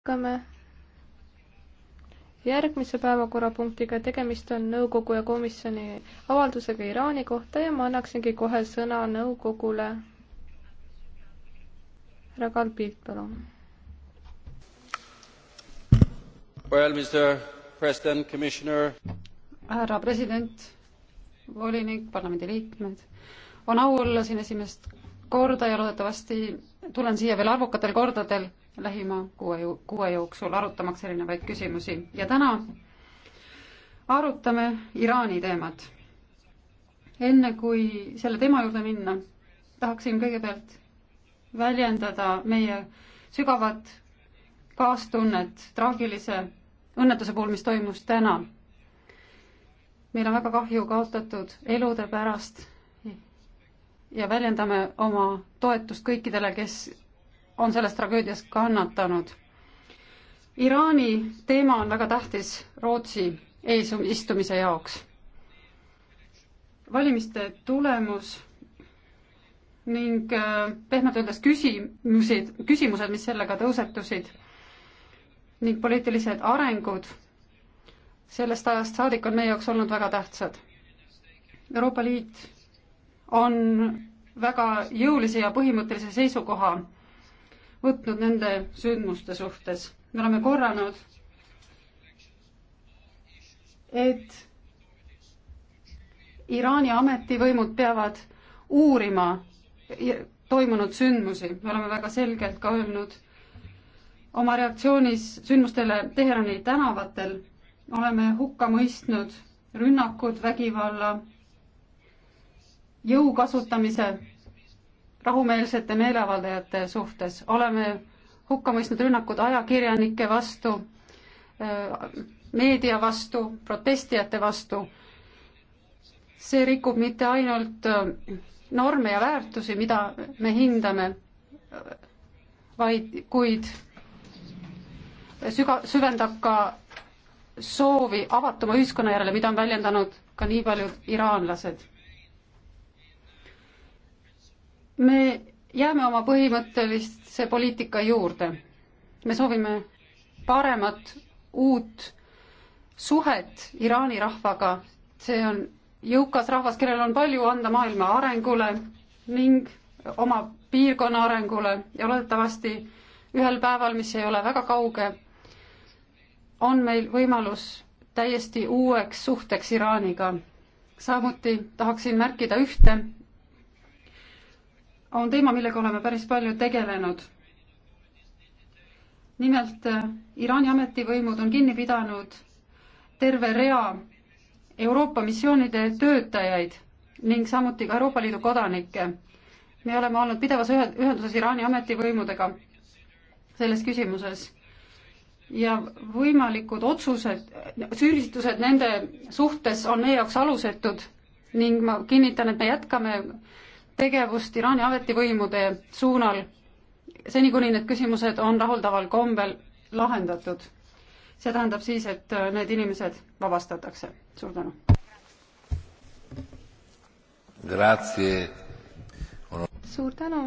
jätkame järgmise päevakorrapunktiga, tegemist on nõukogu ja komisjoni avaldusega Iraani kohta ja ma annaksingi kohe sõna nõukogule. härra Kalbilt, palun. Well, Mr President, Commissioner. härra president, volinik, parlamendiliikmed, on au olla siin esimest korda ja loodetavasti tulen siia veel arvukatel kordadel lähima kuue, kuue jooksul, arutamaks erinevaid küsimusi ja täna arutame Iraani teemat. enne kui selle teema juurde minna, tahaksin kõigepealt väljendada meie sügavat kaastunnet traagilise õnnetuse puhul, mis toimus täna. meil on väga kahju kaotatud elude pärast ja väljendame oma toetust kõikidele, kes on selles tragöödias kannatanud. Iraani teema on väga tähtis Rootsi eesistumise jaoks. valimiste tulemus ning äh, pehmelt öeldes küsimusi, küsimused, mis sellega tõusetusid ning poliitilised arengud sellest ajast saadik on meie jaoks olnud väga tähtsad. Euroopa Liit on väga jõulise ja põhimõttelise seisukoha võtnud nende sündmuste suhtes. me oleme korranud, et Iraani ametivõimud peavad uurima toimunud sündmusi, me oleme väga selgelt ka öelnud oma reaktsioonis sündmustele Teherani tänavatel, oleme hukka mõistnud rünnakud, vägivalla, jõu kasutamise rahumeelsete meeleavaldajate suhtes, oleme hukka mõistnud rünnakud ajakirjanike vastu, äh, meedia vastu, protestijate vastu. see rikub mitte ainult äh, norme ja väärtusi, mida me hindame, vaid, kuid süga-, süvendab ka soovi avatuma ühiskonna järele, mida on väljendanud ka nii paljud iraanlased. me jääme oma põhimõttelise poliitika juurde. me soovime paremat uut suhet Iraani rahvaga, see on jõukas rahvas, kellel on palju anda maailma arengule ning oma piirkonna arengule ja loodetavasti ühel päeval, mis ei ole väga kauge, on meil võimalus täiesti uueks suhteks Iraaniga. samuti tahaksin märkida ühte on teema, millega oleme päris palju tegelenud. nimelt äh, Iraani ametivõimud on kinni pidanud terve rea Euroopa missioonide töötajaid ning samuti ka Euroopa Liidu kodanikke. me oleme olnud pidevas ühenduses Iraani ametivõimudega selles küsimuses ja võimalikud otsused, süüdistused nende suhtes on meie jaoks alusetud ning ma kinnitan, et me jätkame tegevust Iraani ametivõimude suunal, seni kuni need küsimused on rahuldaval kombel lahendatud. see tähendab siis, et äh, need inimesed vabastatakse. suur tänu. suur tänu,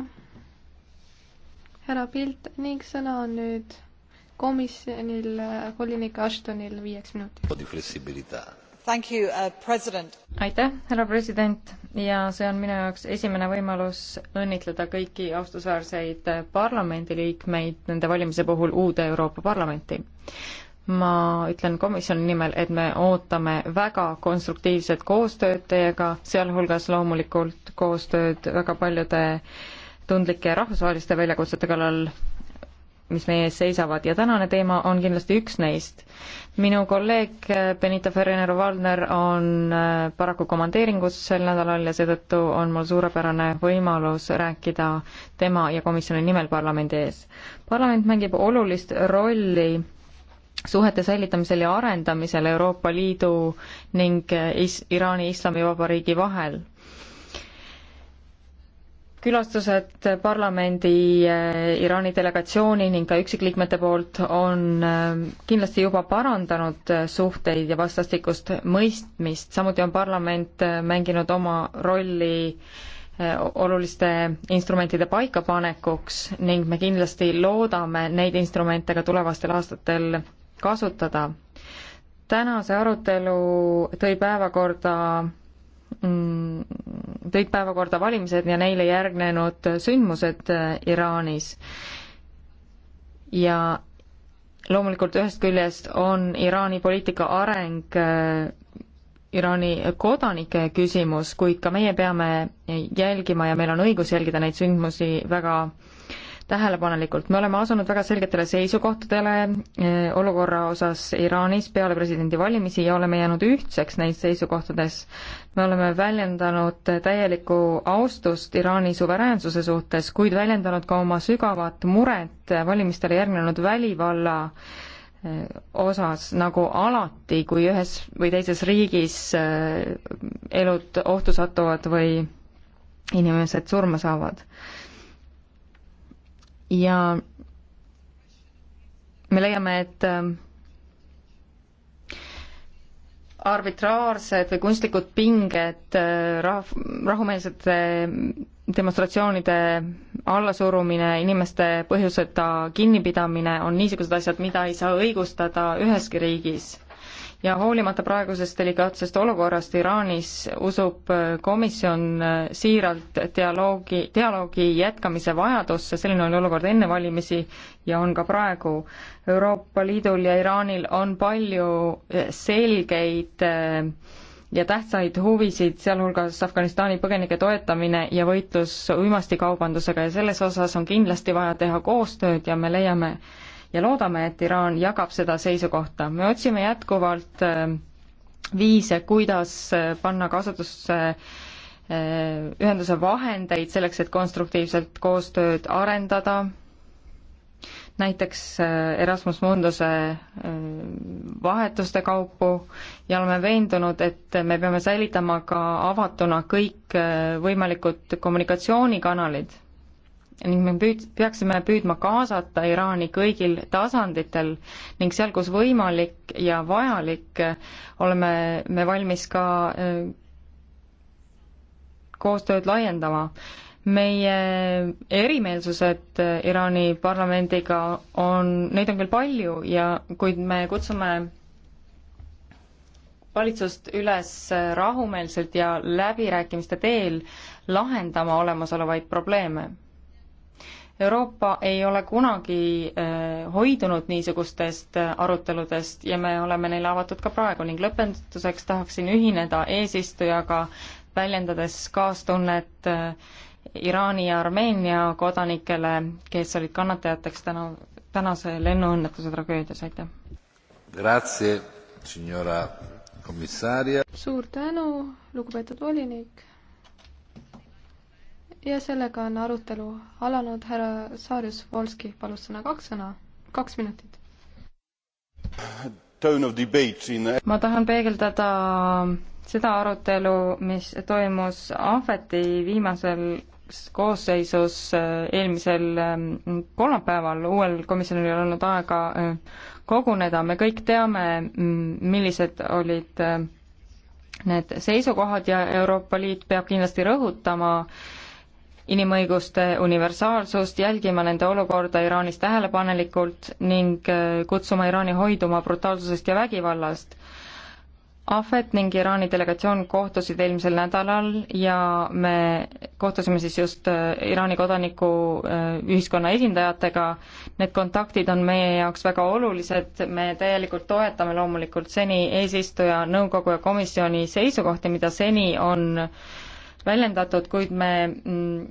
härra Pilt ning sõna on nüüd komisjonil, äh, volinik Ashtonil viieks minutiks. Uh, aitäh härra president ja see on minu jaoks esimene võimalus õnnitleda kõiki austusväärseid äh, parlamendiliikmeid nende valimise puhul uude euroopa parlamenti ma ütlen komisjoni nimel et me ootame väga konstruktiivset koostööd teiega sealhulgas loomulikult koostööd väga paljude tundlike rahvusvaheliste väljakutsete kallal mis meie ees seisavad ja tänane teema on kindlasti üks neist. minu kolleeg äh, Benita Ferrener-Valdner on äh, paraku komandeeringus sel nädalal ja seetõttu on mul suurepärane võimalus rääkida tema ja komisjoni nimel parlamendi ees. parlament mängib olulist rolli suhete säilitamisel ja arendamisel Euroopa Liidu ning äh, Is-, Iraani Islamivabariigi vahel külastused parlamendi eh, Iraani delegatsiooni ning ka üksikliikmete poolt on eh, kindlasti juba parandanud eh, suhteid ja vastastikust mõistmist, samuti on parlament mänginud oma rolli oluliste instrumentide paikapanekuks ning me kindlasti loodame neid instrumente ka tulevastel aastatel kasutada. tänase arutelu tõi päevakorda Mm, tõid päevakorda valimised ja neile järgnenud sündmused äh, Iraanis. ja loomulikult ühest küljest on Iraani poliitika areng äh, Iraani kodanike küsimus, kuid ka meie peame jälgima ja meil on õigus jälgida neid sündmusi väga tähelepanelikult. me oleme asunud väga selgetele seisukohtadele äh, olukorra osas Iraanis peale presidendivalimisi ja oleme jäänud ühtseks neis seisukohtades me oleme väljendanud täielikku austust Iraani suveräänsuse suhtes, kuid väljendanud ka oma sügavat muret valimistele järgnenud välivalla eh, osas, nagu alati, kui ühes või teises riigis eh, elud ohtu satuvad või inimesed surma saavad. ja me leiame, et eh, arbitraarsed või kunstlikud pinged, äh, rahv-, rahumeelsete demonstratsioonide allasurumine, inimeste põhjuseta kinnipidamine on niisugused asjad, mida ei saa õigustada üheski riigis ja hoolimata praegusest delikaatsest olukorrast Iraanis usub äh, komisjon äh, siiralt dialoogi, dialoogi jätkamise vajadusse, selline oli olukord enne valimisi ja on ka praegu. Euroopa Liidul ja Iraanil on palju äh, selgeid ja tähtsaid huvisid, sealhulgas Afganistani põgenike toetamine ja võitlus uimastikaubandusega ja selles osas on kindlasti vaja teha koostööd ja me leiame, ja loodame, et Iraan jagab seda seisukohta. me otsime jätkuvalt äh, viise, kuidas äh, panna kasutusse äh, ühenduse vahendeid selleks, et konstruktiivselt koostööd arendada, näiteks Erasmus Munduse vahetuste kaupu ja oleme veendunud, et me peame säilitama ka avatuna kõik võimalikud kommunikatsioonikanalid ning me püüd-, peaksime püüdma kaasata Iraani kõigil tasanditel ning seal, kus võimalik ja vajalik, oleme me valmis ka äh, koostööd laiendama. meie erimeelsused Iraani parlamendiga on, neid on küll palju ja kuid me kutsume valitsust üles rahumeelselt ja läbirääkimiste teel lahendama olemasolevaid probleeme Euroopa ei ole kunagi eh, hoidunud niisugustest eh, aruteludest ja me oleme neile avatud ka praegu ning lõpetuseks tahaksin ühineda eesistujaga, väljendades kaastunnet eh, Iraani ja Armeenia kodanikele, kes olid kannatajateks täna, tänase lennuõnnetuse tragöödias, aitäh! suur tänu, lugupeetud volinik ja sellega on arutelu alanud, härra Saarjus Volski palus sõna kaks sõna, kaks minutit. ma tahan peegeldada seda arutelu, mis toimus Ahveti viimasel koosseisus äh, eelmisel ähm, kolmapäeval, uuel komisjonil ei olnud aega äh, koguneda, me kõik teame, mm, millised olid äh, need seisukohad ja Euroopa Liit peab kindlasti rõhutama äh, inimõiguste universaalsust, jälgima nende olukorda Iraanis tähelepanelikult ning äh, kutsuma Iraani hoiduma brutaalsusest ja vägivallast. Ahvet ning Iraani delegatsioon kohtusid eelmisel nädalal ja me kohtusime siis just äh, Iraani kodanikuühiskonna äh, esindajatega. Need kontaktid on meie jaoks väga olulised, me täielikult toetame loomulikult seni eesistuja, nõukogu ja komisjoni seisukohti, mida seni on äh, väljendatud, kuid me mm,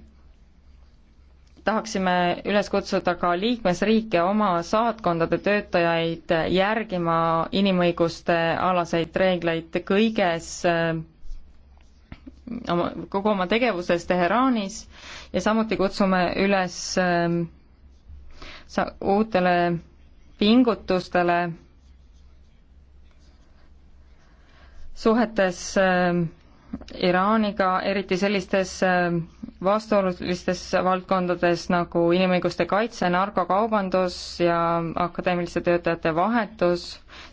tahaksime üles kutsuda ka liikmesriike oma saatkondade töötajaid järgima inimõiguste alaseid reegleid kõiges mm, oma, kogu oma tegevuses Teheraanis ja samuti kutsume üles mm, sa-, uutele pingutustele suhetes Iraaniga, eriti sellistes äh, vastuolulistes valdkondades nagu inimõiguste kaitse, narkokaubandus ja akadeemiliste töötajate vahetus.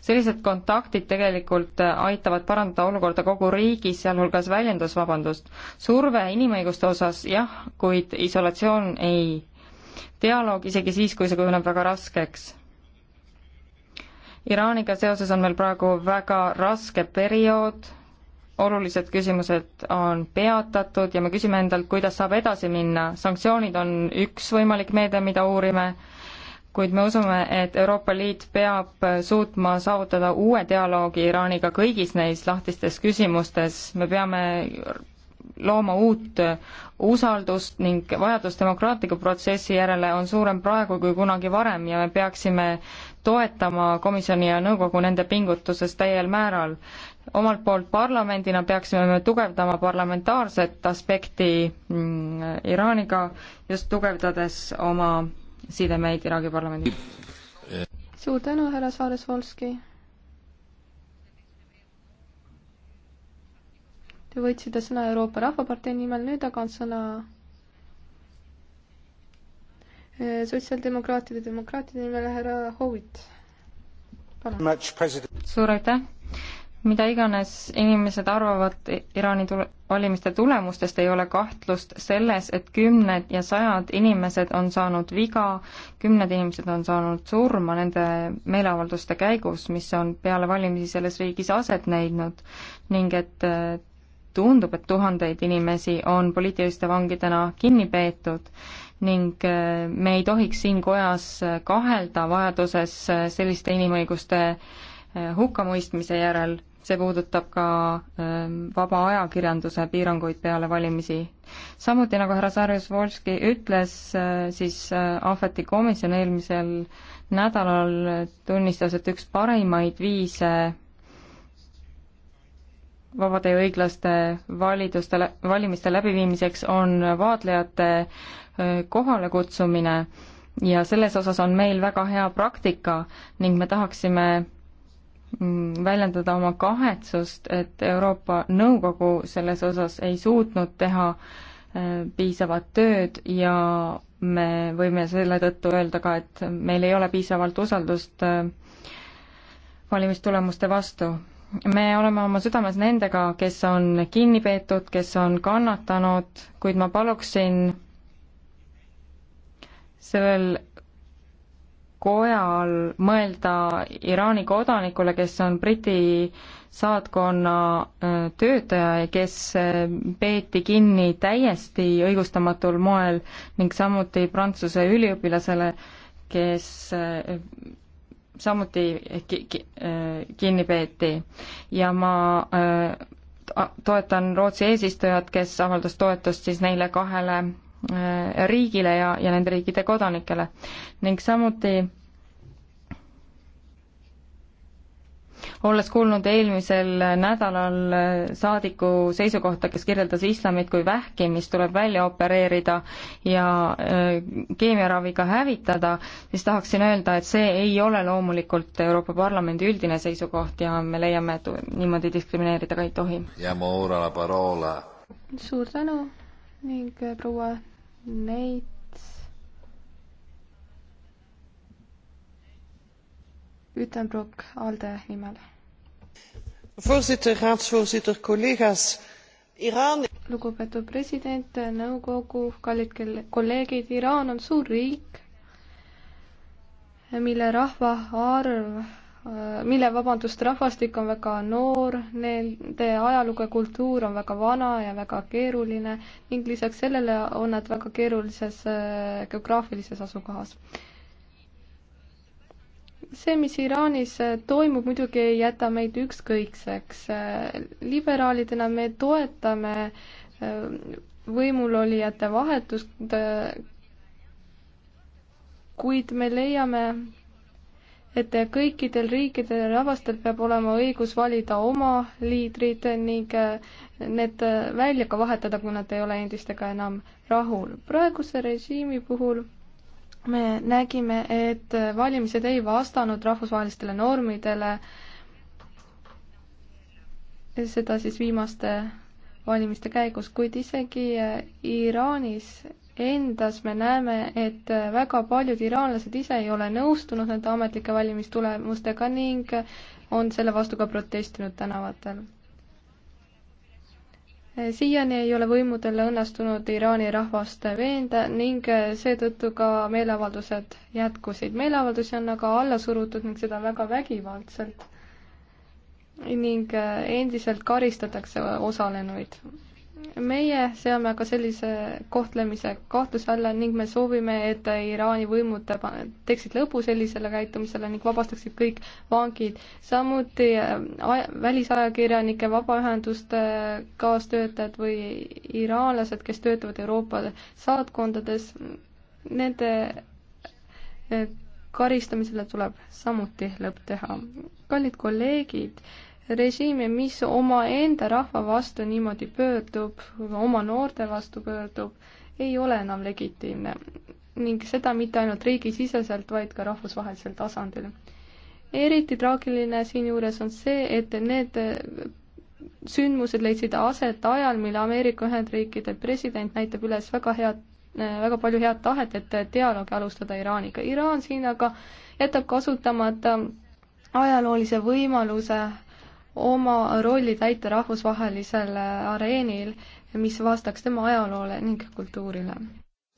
sellised kontaktid tegelikult äh, aitavad parandada olukorda kogu riigis, sealhulgas väljendusvabandust. surve inimõiguste osas jah, kuid isolatsioon ei. dialoog isegi siis, kui see kujuneb väga raskeks Iraaniga seoses on meil praegu väga raske periood, olulised küsimused on peatatud ja me küsime endalt, kuidas saab edasi minna. sanktsioonid on üks võimalik meede, mida uurime, kuid me usume, et Euroopa Liit peab suutma saavutada uue dialoogi Iraaniga kõigis neis lahtistes küsimustes, me peame looma uut usaldust ning vajadus demokraatliku protsessi järele on suurem praegu kui kunagi varem ja me peaksime toetama komisjoni ja nõukogu nende pingutuses täiel määral omalt poolt parlamendina peaksime me tugevdama parlamentaarset aspekti mm, Iraaniga, just tugevdades oma sidemeid Iraagi parlamendiga. suur tänu, härra Saares-Volski. Te võtsite sõna Euroopa Rahvapartei nimel, nüüd aga on sõna äh, sotsiaaldemokraatide demokraatide nimel härra Howitt. palun. suur aitäh mida iganes inimesed arvavad Iraani tule-, valimiste tulemustest, ei ole kahtlust selles, et kümned ja sajad inimesed on saanud viga, kümned inimesed on saanud surma nende meeleavalduste käigus, mis on peale valimisi selles riigis aset leidnud ning et äh, tundub, et tuhandeid inimesi on poliitiliste vangidena kinni peetud ning äh, me ei tohiks siin kojas äh, kahelda vajaduses selliste inimõiguste hukkamõistmise järel see puudutab ka ähm, vaba ajakirjanduse piiranguid peale valimisi. samuti, nagu härra Sarjus-Volski ütles, äh, siis äh, Ahveti komisjon eelmisel nädalal tunnistas, et üks parimaid viise vabade ja õiglaste validuste, valimiste läbiviimiseks on vaatlejate äh, kohalekutsumine ja selles osas on meil väga hea praktika ning me tahaksime Mm, väljendada oma kahetsust, et Euroopa Nõukogu selles osas ei suutnud teha äh, piisavat tööd ja me võime selle tõttu öelda ka, et meil ei ole piisavalt usaldust äh, valimistulemuste vastu. me oleme oma südames nendega, kes on kinni peetud, kes on kannatanud, kuid ma paluksin sellel kojal mõelda Iraani kodanikule, kes on Briti saatkonna äh, töötaja ja kes äh, peeti kinni täiesti õigustamatul moel ning samuti Prantsuse üliõpilasele, kes äh, samuti kinni peeti ja ma toetan Rootsi eesistujat, kes avaldas toetust siis neile kahele Äh, riigile ja, ja nende riikide kodanikele ning samuti olles kuulnud eelmisel nädalal saadiku seisukohta, kes kirjeldas islamit kui vähki, mis tuleb välja opereerida ja äh, keemiaraviga hävitada, siis tahaksin öelda, et see ei ole loomulikult Euroopa Parlamendi üldine seisukoht ja me leiame, et niimoodi diskrimineerida ka ei tohi. suur tänu ning äh, proua Neits Utenbroek ALDE nimel. voorzitter, raadsvoorzitter, kolleegas. Iraan. lugupeetud president, nõukogu, kallid kolleegid, Iraan on suur riik, mille rahvaarv mille, vabandust, rahvastik on väga noor, nende ajalugu ja kultuur on väga vana ja väga keeruline ning lisaks sellele on nad väga keerulises äh, geograafilises asukohas. see, mis Iraanis äh, toimub, muidugi ei jäta meid ükskõikseks. Äh, liberaalidena me toetame võimulolijate vahetust, kuid me leiame, et kõikidel riikidel ja rahvastel peab olema õigus valida oma liidrid ning eh, need välja ka vahetada, kui nad ei ole endistega enam rahul. praeguse režiimi puhul me nägime, et valimised ei vastanud rahvusvahelistele normidele, seda siis viimaste valimiste käigus, kuid isegi eh, Iraanis endas me näeme, et väga paljud iraanlased ise ei ole nõustunud nende ametlike valimistulemustega ning on selle vastu ka protestinud tänavatel. siiani ei ole võimudel õnnestunud Iraani rahvast veenda ning seetõttu ka meeleavaldused jätkusid. meeleavaldusi on aga alla surutud ning seda väga vägivaldselt ning endiselt karistatakse osalenuid meie seame aga sellise kohtlemise kahtluse alla ning me soovime, et Iraani võimud teeksid lõpu sellisele käitumisele ning vabastaksid kõik vangid. samuti äh, välisajakirjanike, vabaühenduste kaastöötajad või iraanlased, kes töötavad Euroopa saatkondades, nende äh, karistamisele tuleb samuti lõpp teha. kallid kolleegid režiimi, mis omaenda rahva vastu niimoodi pöördub, oma noorte vastu pöördub, ei ole enam legitiimne ning seda mitte ainult riigisiseselt, vaid ka rahvusvahelisel tasandil. eriti traagiline siinjuures on see, et need sündmused leidsid aset ajal, mil Ameerika Ühendriikide president näitab üles väga head väga palju head tahet, et dialoogi alustada Iraaniga. Iraan siin aga jätab kasutamata ajaloolise võimaluse äh, oma rolli täita rahvusvahelisel areenil, mis vastaks tema ajaloole ning kultuurile.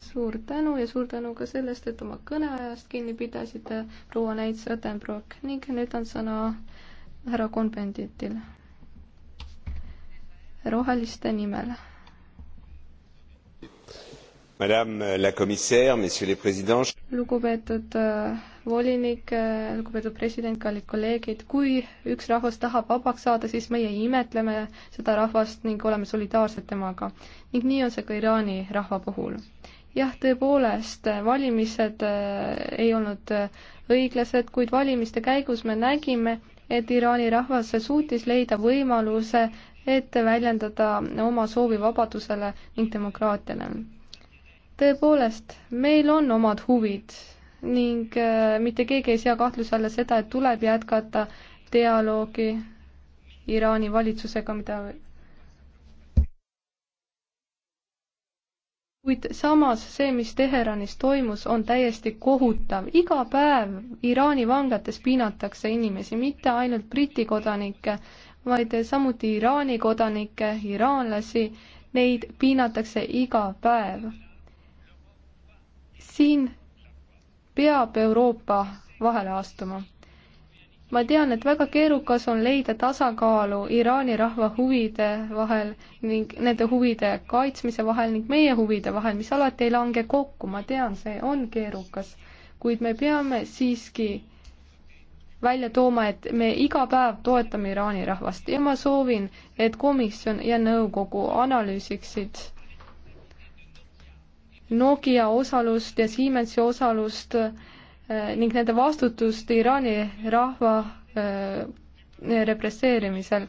suur tänu ja suur tänu ka sellest, et oma kõneajast kinni pidasite, proua Neits Rõtenbrock ning nüüd on sõna härra konvenditil. roheliste nimel. Madame la commissaire, messieurs les présidents. lugupeetud äh, volinik, äh, lugupeetud president, kallid kolleegid, kui üks rahvas tahab vabaks saada, siis meie imetleme seda rahvast ning oleme solidaarsed temaga. ning nii on see ka Iraani rahva puhul. jah, tõepoolest, valimised äh, ei olnud äh, õiglased, kuid valimiste käigus me nägime, et Iraani rahvas suutis leida võimaluse, et väljendada oma soovi vabadusele ning demokraatiale. tõepoolest, meil on omad huvid ning äh, mitte keegi ei sea kahtluse alla seda, et tuleb jätkata dialoogi Iraani valitsusega, mida kuid samas see, mis Teheranis toimus, on täiesti kohutav. iga päev Iraani vanglates piinatakse inimesi, mitte ainult Briti kodanikke, vaid samuti Iraani kodanikke, iraanlasi, neid piinatakse iga päev. siin peab Euroopa vahele astuma. ma tean, et väga keerukas on leida tasakaalu Iraani rahva huvide vahel ning nende huvide kaitsmise vahel ning meie huvide vahel, mis alati ei lange kokku, ma tean, see on keerukas, kuid me peame siiski välja tooma, et me iga päev toetame Iraani rahvast ja ma soovin, et komisjon ja nõukogu analüüsiksid Nokia osalust ja Siemensi osalust eh, ning nende vastutust Iraani rahva eh, represseerimisel.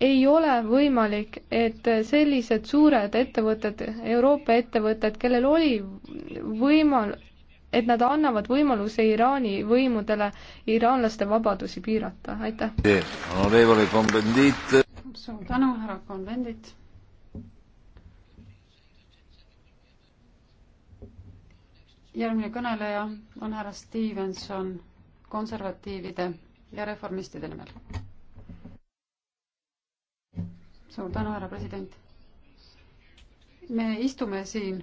ei ole võimalik, et sellised suured ettevõtted, Euroopa ettevõtted, kellel oli võimal-, et nad annavad võimaluse Iraani võimudele iraanlaste vabadusi piirata, aitäh. suur tänu, härra konvendit järgmine kõneleja on härra Stevenson konservatiivide ja reformistide nimel. suur tänu, härra president. me istume siin,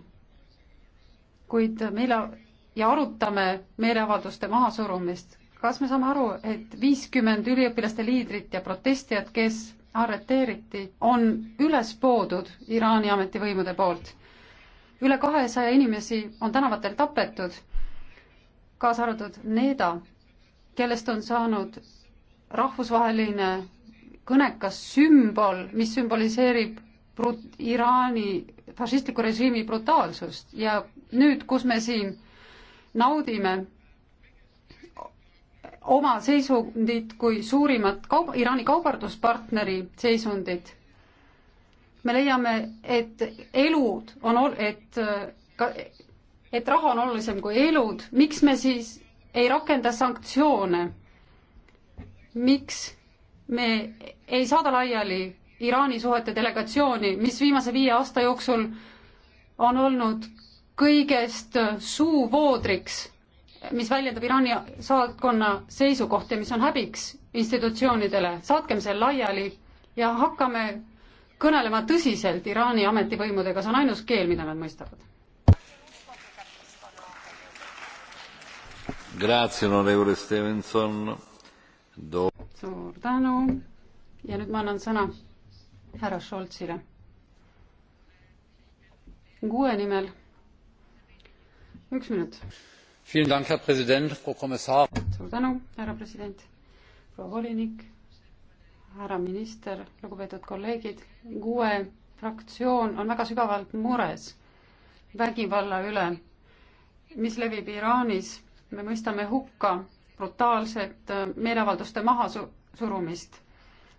kuid meile ja arutame meeleavalduste mahasurumist. kas me saame aru, et viiskümmend üliõpilaste liidrit ja protestijat, kes arreteeriti, on üles poodud Iraani ametivõimude poolt? üle kahesaja inimesi on tänavatel tapetud, kaasa arvatud Neda, kellest on saanud rahvusvaheline kõnekas sümbol, mis sümboliseerib brut-, Iraani fašistliku režiimi brutaalsust ja nüüd, kus me siin naudime oma seisundit kui suurimat kaub-, Iraani kaubanduspartneri seisundit, me leiame, et elud on, et ka, et raha on olulisem kui elud, miks me siis ei rakenda sanktsioone? miks me ei saada laiali Iraani suhete delegatsiooni, mis viimase viie aasta jooksul on olnud kõigest suuvoodriks, mis väljendab Iraani saatkonna seisukohti, mis on häbiks institutsioonidele, saatkem see laiali ja hakkame kõnelema tõsiselt Iraani ametivõimudega, see on ainus keel, mida nad mõistavad. suur tänu ja nüüd ma annan sõna härra Scholzile. kuue nimel üks minut. suur tänu, härra president, proua volinik härra minister, lugupeetud kolleegid, GUE fraktsioon on väga sügavalt mures vägivalla üle, mis levib Iraanis. me mõistame hukka brutaalset äh, meeleavalduste mahasurumist.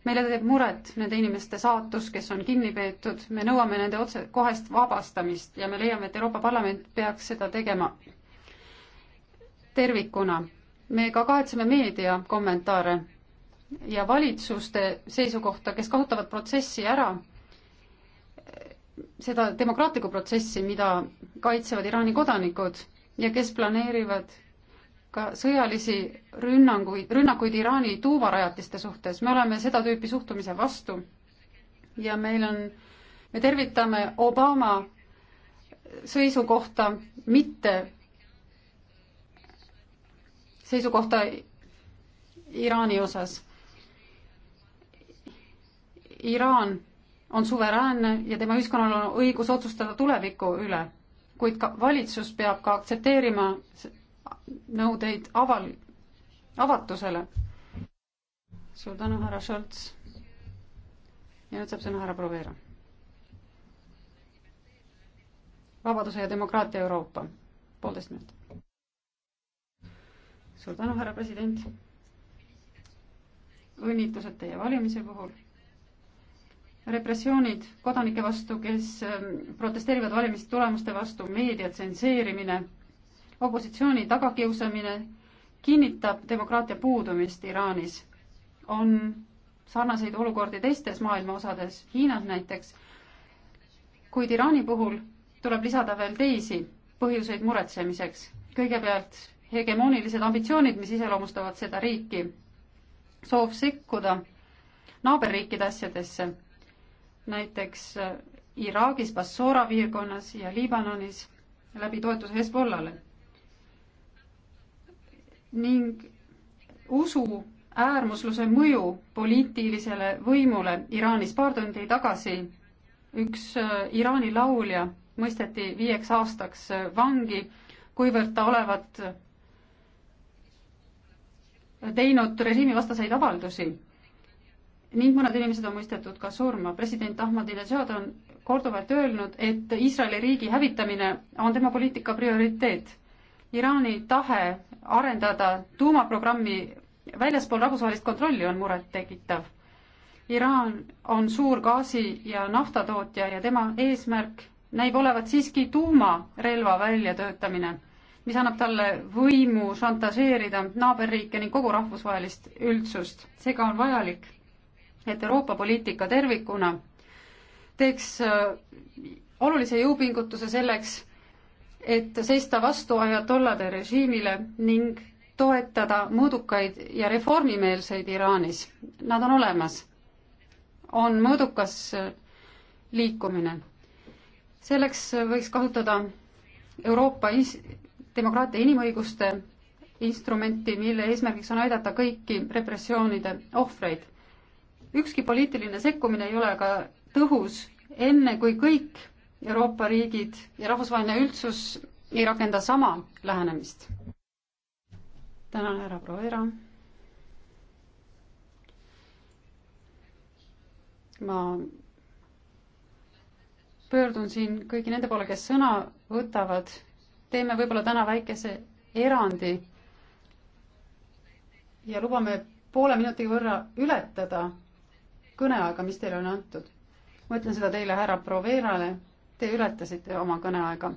meile teeb muret nende inimeste saatus, kes on kinni peetud, me nõuame nende otse, kohest vabastamist ja me leiame, et Euroopa Parlament peaks seda tegema tervikuna. me ka kahetseme meedia kommentaare ja valitsuste seisukohta, kes kasutavad protsessi ära, seda demokraatlikku protsessi, mida kaitsevad Iraani kodanikud ja kes planeerivad ka sõjalisi rünnanguid, rünnakuid Iraani tuumarajatiste suhtes, me oleme seda tüüpi suhtumise vastu ja meil on, me tervitame Obama seisukohta mitte, seisukohta Iraani osas Iraan on suveräänne ja tema ühiskonnal on õigus otsustada tuleviku üle, kuid ka valitsus peab ka aktsepteerima nõudeid aval, avatusele. suur tänu, härra Šolts. ja nüüd saab sõna härra Provera. vabaduse ja demokraatia Euroopa, poolteist minutit. suur tänu, härra president. õnnitlused teie valimise puhul repressioonid kodanike vastu, kes ähm, protesteerivad valimistulemuste vastu, meedia tsenseerimine, opositsiooni tagakiusamine kinnitab demokraatia puudumist Iraanis. on sarnaseid olukordi teistes maailma osades, Hiinas näiteks, kuid Iraani puhul tuleb lisada veel teisi põhjuseid muretsemiseks. kõigepealt hegemoonilised ambitsioonid, mis iseloomustavad seda riiki, soov sekkuda naaberriikide asjadesse näiteks äh, Iraagis, Bassora piirkonnas ja Liibanonis läbi toetuse Hezbollale. ning usu äärmusluse mõju poliitilisele võimule Iraanis paar tundi tagasi üks äh, Iraani laulja mõisteti viieks aastaks äh, vangi, kuivõrd ta olevat teinud režiimivastaseid avaldusi ning mõned inimesed on mõistetud ka surma. president Ahmadinejad on korduvalt öelnud, et Iisraeli riigi hävitamine on tema poliitika prioriteet. Iraani tahe arendada tuumaprogrammi väljaspool rahvusvahelist kontrolli on murettekitav. Iraan on suur gaasi- ja naftatootja ja tema eesmärk näib olevat siiski tuumarelva väljatöötamine, mis annab talle võimu šantažeerida naaberriike ning kogu rahvusvahelist üldsust. seega on vajalik et Euroopa poliitika tervikuna teeks äh, olulise jõupingutuse selleks, et seista vastu ajatollade režiimile ning toetada mõõdukaid ja reformimeelseid Iraanis. Nad on olemas. on mõõdukas äh, liikumine. selleks äh, võiks kasutada Euroopa is-, demokraatia inimõiguste instrumenti, mille eesmärgiks on aidata kõiki repressioonide ohvreid ükski poliitiline sekkumine ei ole ka tõhus, enne kui kõik Euroopa riigid ja rahvusvaheline üldsus ei rakenda sama lähenemist. tänan, härra Proera. ma pöördun siin kõigi nende poole, kes sõna võtavad. teeme võib-olla täna väikese erandi ja lubame poole minuti võrra ületada kõneaega, mis teile on antud. ma ütlen seda teile, härra Proverale, te ületasite oma kõneaega.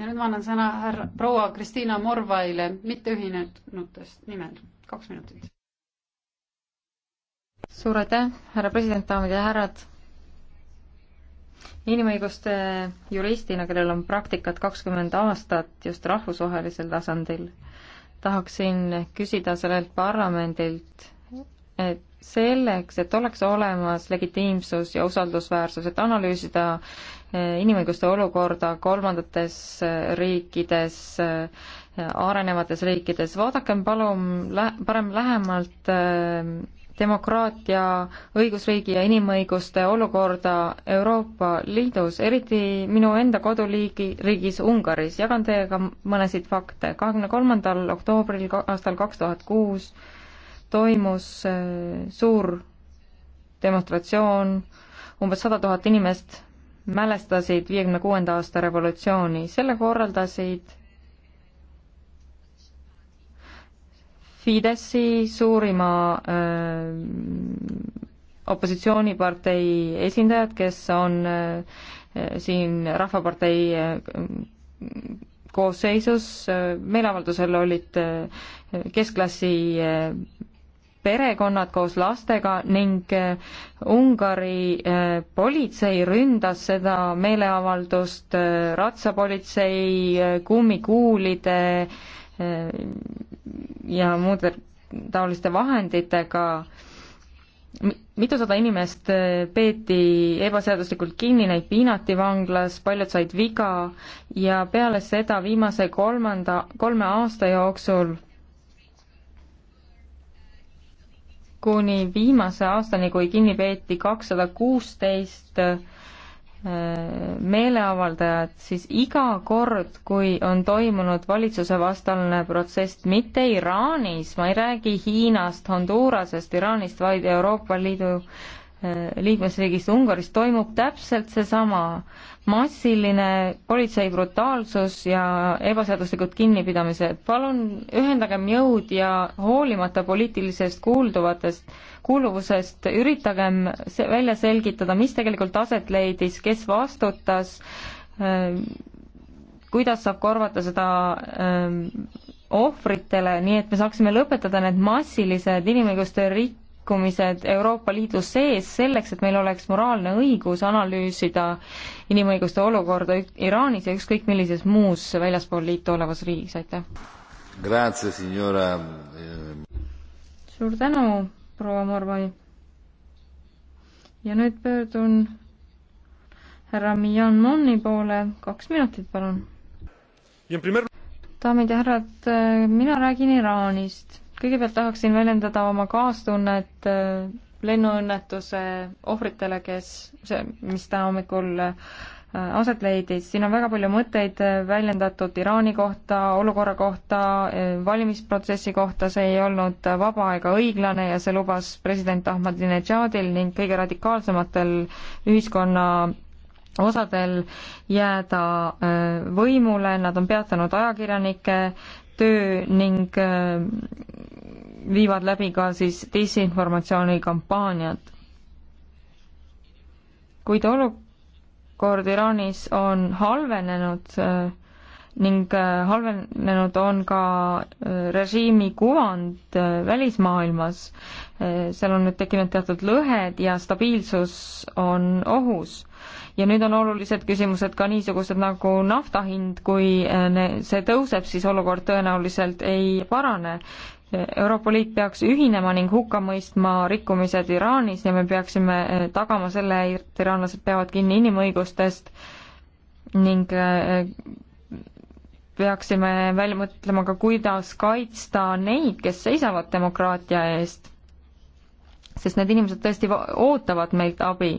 ja nüüd ma annan sõna härra, proua Kristiina Morvaile mitteühinenutest nimel, kaks minutit. suur aitäh, härra president, daamid ja härrad inimõiguste juristina, kellel on praktikat kakskümmend aastat just rahvusvahelisel tasandil, tahaksin küsida sellelt parlamendilt, et selleks, et oleks olemas legitiimsus ja usaldusväärsus, et analüüsida eh, inimõiguste olukorda kolmandates eh, riikides, eh, arenevates riikides, vaadakem palun lä-, parem lähemalt demokraatia, õigusriigi ja inimõiguste olukorda Euroopa Liidus, eriti minu enda koduliigi, riigis Ungaris. jagan teiega mõnesid fakte. kahekümne kolmandal oktoobril aastal kaks tuhat kuus toimus äh, suur demonstratsioon, umbes sada tuhat inimest mälestasid viiekümne kuuenda aasta revolutsiooni. selle korraldasid Fidesi suurima opositsioonipartei esindajad, kes on siin Rahvapartei koosseisus, meeleavaldusel olid keskklassi perekonnad koos lastega ning Ungari politsei ründas seda meeleavaldust ratsapolitsei kummikuulide äh, Äh, ja muude taoliste vahenditega mitusada inimest äh, peeti ebaseaduslikult kinni, neid piinati vanglas, paljud said viga ja peale seda viimase kolmanda, kolme aasta jooksul kuni viimase aastani, kui kinni peeti kakssada kuusteist meeleavaldajad, siis iga kord, kui on toimunud valitsusevastane protsess, mitte Iraanis, ma ei räägi Hiinast, Hondurasest, Iraanist, vaid Euroopa Liidu liikmesriigist Ungaris toimub täpselt seesama massiline politsei brutaalsus ja ebaseaduslikud kinnipidamised. palun ühendagem jõud ja hoolimata poliitilisest kuulduvatest, kuuluvusest üritagem välja selgitada, mis tegelikult aset leidis, kes vastutas, kuidas saab korvata seda ehm, ohvritele, nii et me saaksime lõpetada need massilised inimõiguste rik-, sekkumised Euroopa Liidu sees selleks, et meil oleks moraalne õigus analüüsida inimõiguste olukorda Iraanis ja ükskõik millises muus väljaspool liitu olevas riigis, aitäh! Eh. suur tänu, proua Morvai! ja nüüd pöördun härra Mian Monni poole, kaks minutit, palun! daamid ja härrad, eh, mina räägin Iraanist kõigepealt tahaksin väljendada oma kaastunnet äh, lennuõnnetuse ohvritele, kes, see, mis täna hommikul äh, aset leidis, siin on väga palju mõtteid äh, väljendatud Iraani kohta, olukorra kohta, valimisprotsessi kohta, see ei olnud vaba ega õiglane ja see lubas president Ahmadinejadil ning kõige radikaalsematel ühiskonna osadel jääda võimule, nad on peatanud ajakirjanikke, töö ning äh, viivad läbi ka siis disinformatsioonikampaaniad. kuid olukord Iraanis on halvenenud äh, ning äh, halvenenud on ka režiimi kuvand välismaailmas. seal on nüüd tekkinud teatud lõhed ja stabiilsus on ohus ja nüüd on olulised küsimused ka niisugused nagu nafta hind, kui äh, see tõuseb, siis olukord tõenäoliselt ei parane. Euroopa Liit peaks ühinema ning hukka mõistma rikkumised Iraanis ja me peaksime äh, tagama selle, et iraanlased peavad kinni inimõigustest ning äh, peaksime välja mõtlema ka, kuidas kaitsta neid, kes seisavad demokraatia eest. sest need inimesed tõesti ootavad meilt abi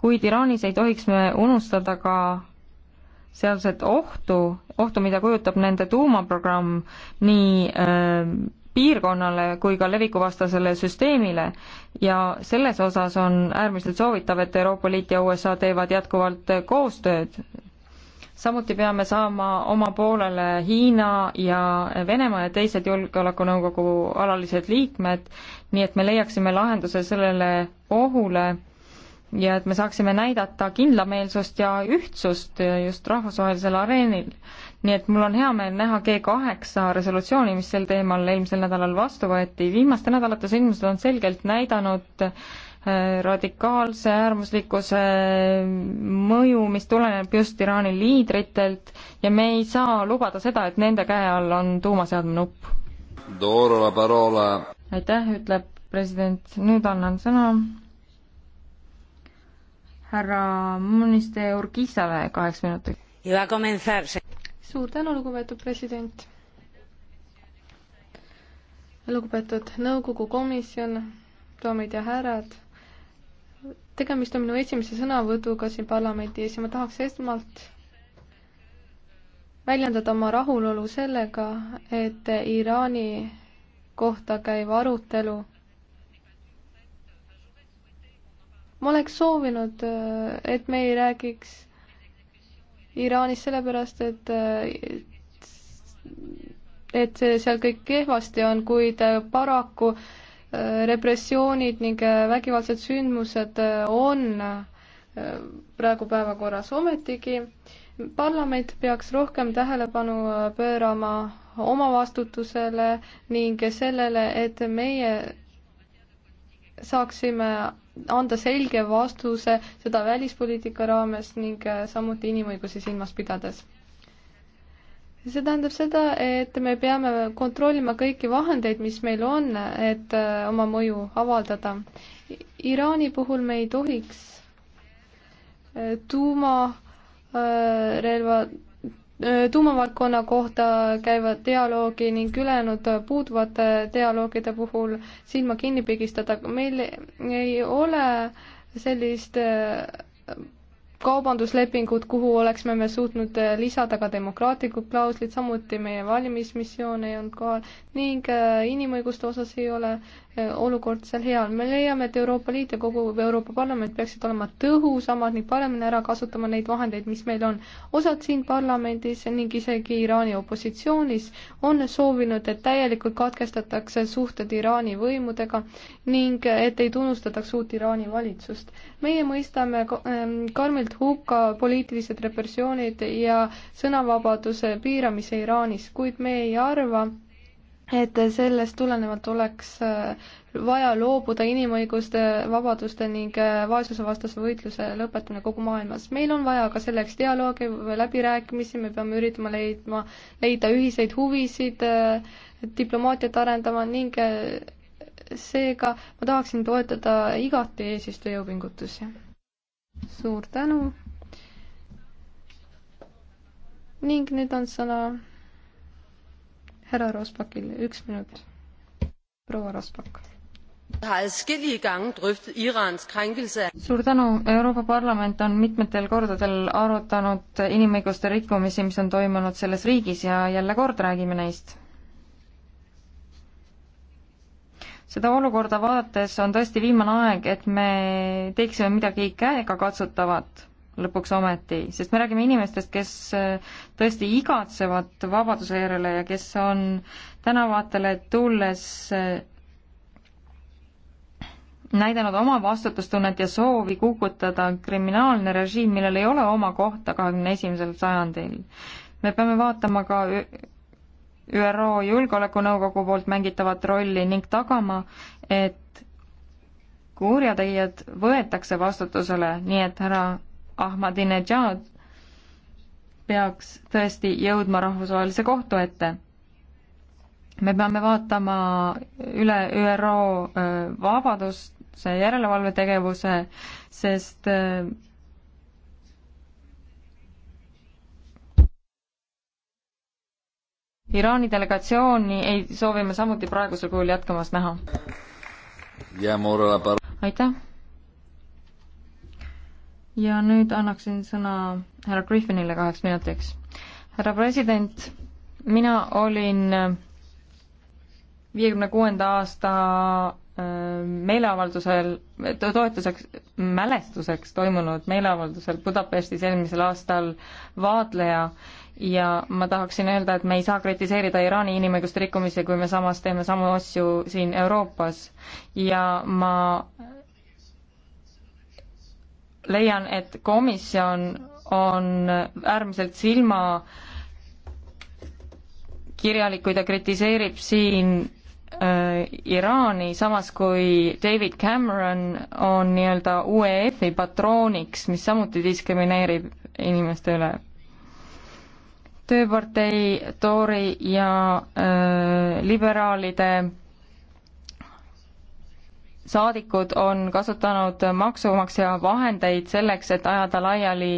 kuid Iraanis ei tohiks me unustada ka sealset ohtu, ohtu, mida kujutab nende tuumaprogramm nii äh, piirkonnale kui ka levikuvastasele süsteemile ja selles osas on äärmiselt soovitav, et Euroopa Liit ja USA teevad jätkuvalt äh, koostööd. samuti peame saama oma poolele Hiina ja Venemaa ja teised Julgeolekunõukogu alalised liikmed, nii et me leiaksime lahenduse sellele ohule, ja et me saaksime näidata kindlameelsust ja ühtsust just rahvusvahelisel areenil. nii et mul on hea meel näha G kaheksa resolutsiooni, mis sel teemal eelmisel nädalal vastu võeti. viimaste nädalate sündmused on selgelt näidanud äh, radikaalse äärmuslikkuse äh, mõju, mis tuleneb just Iraani liidritelt ja me ei saa lubada seda, et nende käe all on tuumaseadme nupp. aitäh, ütleb president, nüüd annan sõna härra Muniste Urgisale kaheks minutiks. suur tänu, lugupeetud president. lugupeetud nõukogu komisjon, daamid ja härrad. tegemist on minu esimese sõnavõtuga siin parlamendi ees ja ma tahaks esmalt väljendada oma rahulolu sellega, et Iraani kohta käiv arutelu ma oleks soovinud, äh, et me ei räägiks Iraanis sellepärast, et äh, et see seal kõik kehvasti on, kuid äh, paraku repressioonid ning vägivaldsed sündmused on praegu päevakorras. ometigi parlament peaks rohkem tähelepanu pöörama oma vastutusele ning sellele, et meie saaksime anda selge vastuse seda välispoliitika raames ning äh, samuti inimõigusi silmas pidades. see tähendab seda, et me peame kontrollima kõiki vahendeid, mis meil on, et äh, oma mõju avaldada. Iraani puhul me ei tohiks äh, tuumarelva Äh, tuumavaldkonna kohta käivad dialoogi ning ülejäänud puuduvate dialoogide puhul silma kinni pigistada. meil ei ole sellist äh, kaubanduslepingut, kuhu oleksime me suutnud äh, lisada ka demokraatlikud klauslid, samuti meie valimismissioon ei olnud kohal ning inimõiguste osas ei ole Äh, olukord seal hea on. me leiame, et Euroopa Liit ja kogu Euroopa Parlament peaksid olema tõhusamad ning paremini ära kasutama neid vahendeid, mis meil on. osad siin parlamendis ning isegi Iraani opositsioonis on soovinud, et täielikult katkestatakse suhted Iraani võimudega ning et ei tunnustataks uut Iraani valitsust. meie mõistame ähm, karmilt hukka poliitilised repressioonid ja sõnavabaduse piiramise Iraanis, kuid me ei arva, et sellest tulenevalt oleks äh, vaja loobuda inimõiguste, vabaduste ning äh, vaesusevastase võitluse lõpetamine kogu maailmas. meil on vaja ka selleks dialoogi või läbirääkimisi, me peame üritama leidma, leida ühiseid huvisid, äh, diplomaatiat arendama ning seega ma tahaksin toetada igati eesistuja jõupingutusi. suur tänu. ning nüüd on sõna härra Rosbachil üks minut. proua Rosbach suur tänu, Euroopa Parlament on mitmetel kordadel arutanud inimõiguste rikkumisi, mis on toimunud selles riigis ja jälle kord räägime neist. seda olukorda vaadates on tõesti viimane aeg, et me teeksime midagi käegakatsutavat lõpuks ometi, sest me räägime inimestest, kes äh, tõesti igatsevad vabaduse järele ja kes on tänavatele tulles äh, näidanud oma vastutustunnet ja soovi kukutada kriminaalne režiim, millel ei ole oma kohta kahekümne esimesel sajandil. me peame vaatama ka ÜRO Julgeolekunõukogu poolt mängitavat rolli ning tagama, et kurjategijad võetakse vastutusele, nii et härra Ahmadinejad peaks tõesti jõudma rahvusvahelise kohtu ette. me peame vaatama üle ÜRO äh, vabaduse järelevalvetegevuse, sest äh, Iraani delegatsiooni ei soovi me samuti praegusel kujul jätkamas näha. aitäh! ja nüüd annaksin sõna härra Griffinile kaheks minutiks. härra president, mina olin äh, viiekümne kuuenda aasta äh, meeleavaldusel, toetuseks, mälestuseks toimunud meeleavaldusel Budapestis eelmisel aastal vaatleja ja ma tahaksin öelda, et me ei saa kritiseerida Iraani inimõiguste rikkumisi, kui me samas teeme samu asju siin Euroopas. ja ma leian, et komisjon on äärmiselt silma kirjalik, kui ta kritiseerib siin äh, Iraani, samas kui David Cameron on nii-öelda UEF-i patrooniks, mis samuti diskrimineerib inimeste üle. tööpartei, Tory ja äh, liberaalide saadikud on kasutanud maksumaksja vahendeid selleks, et ajada laiali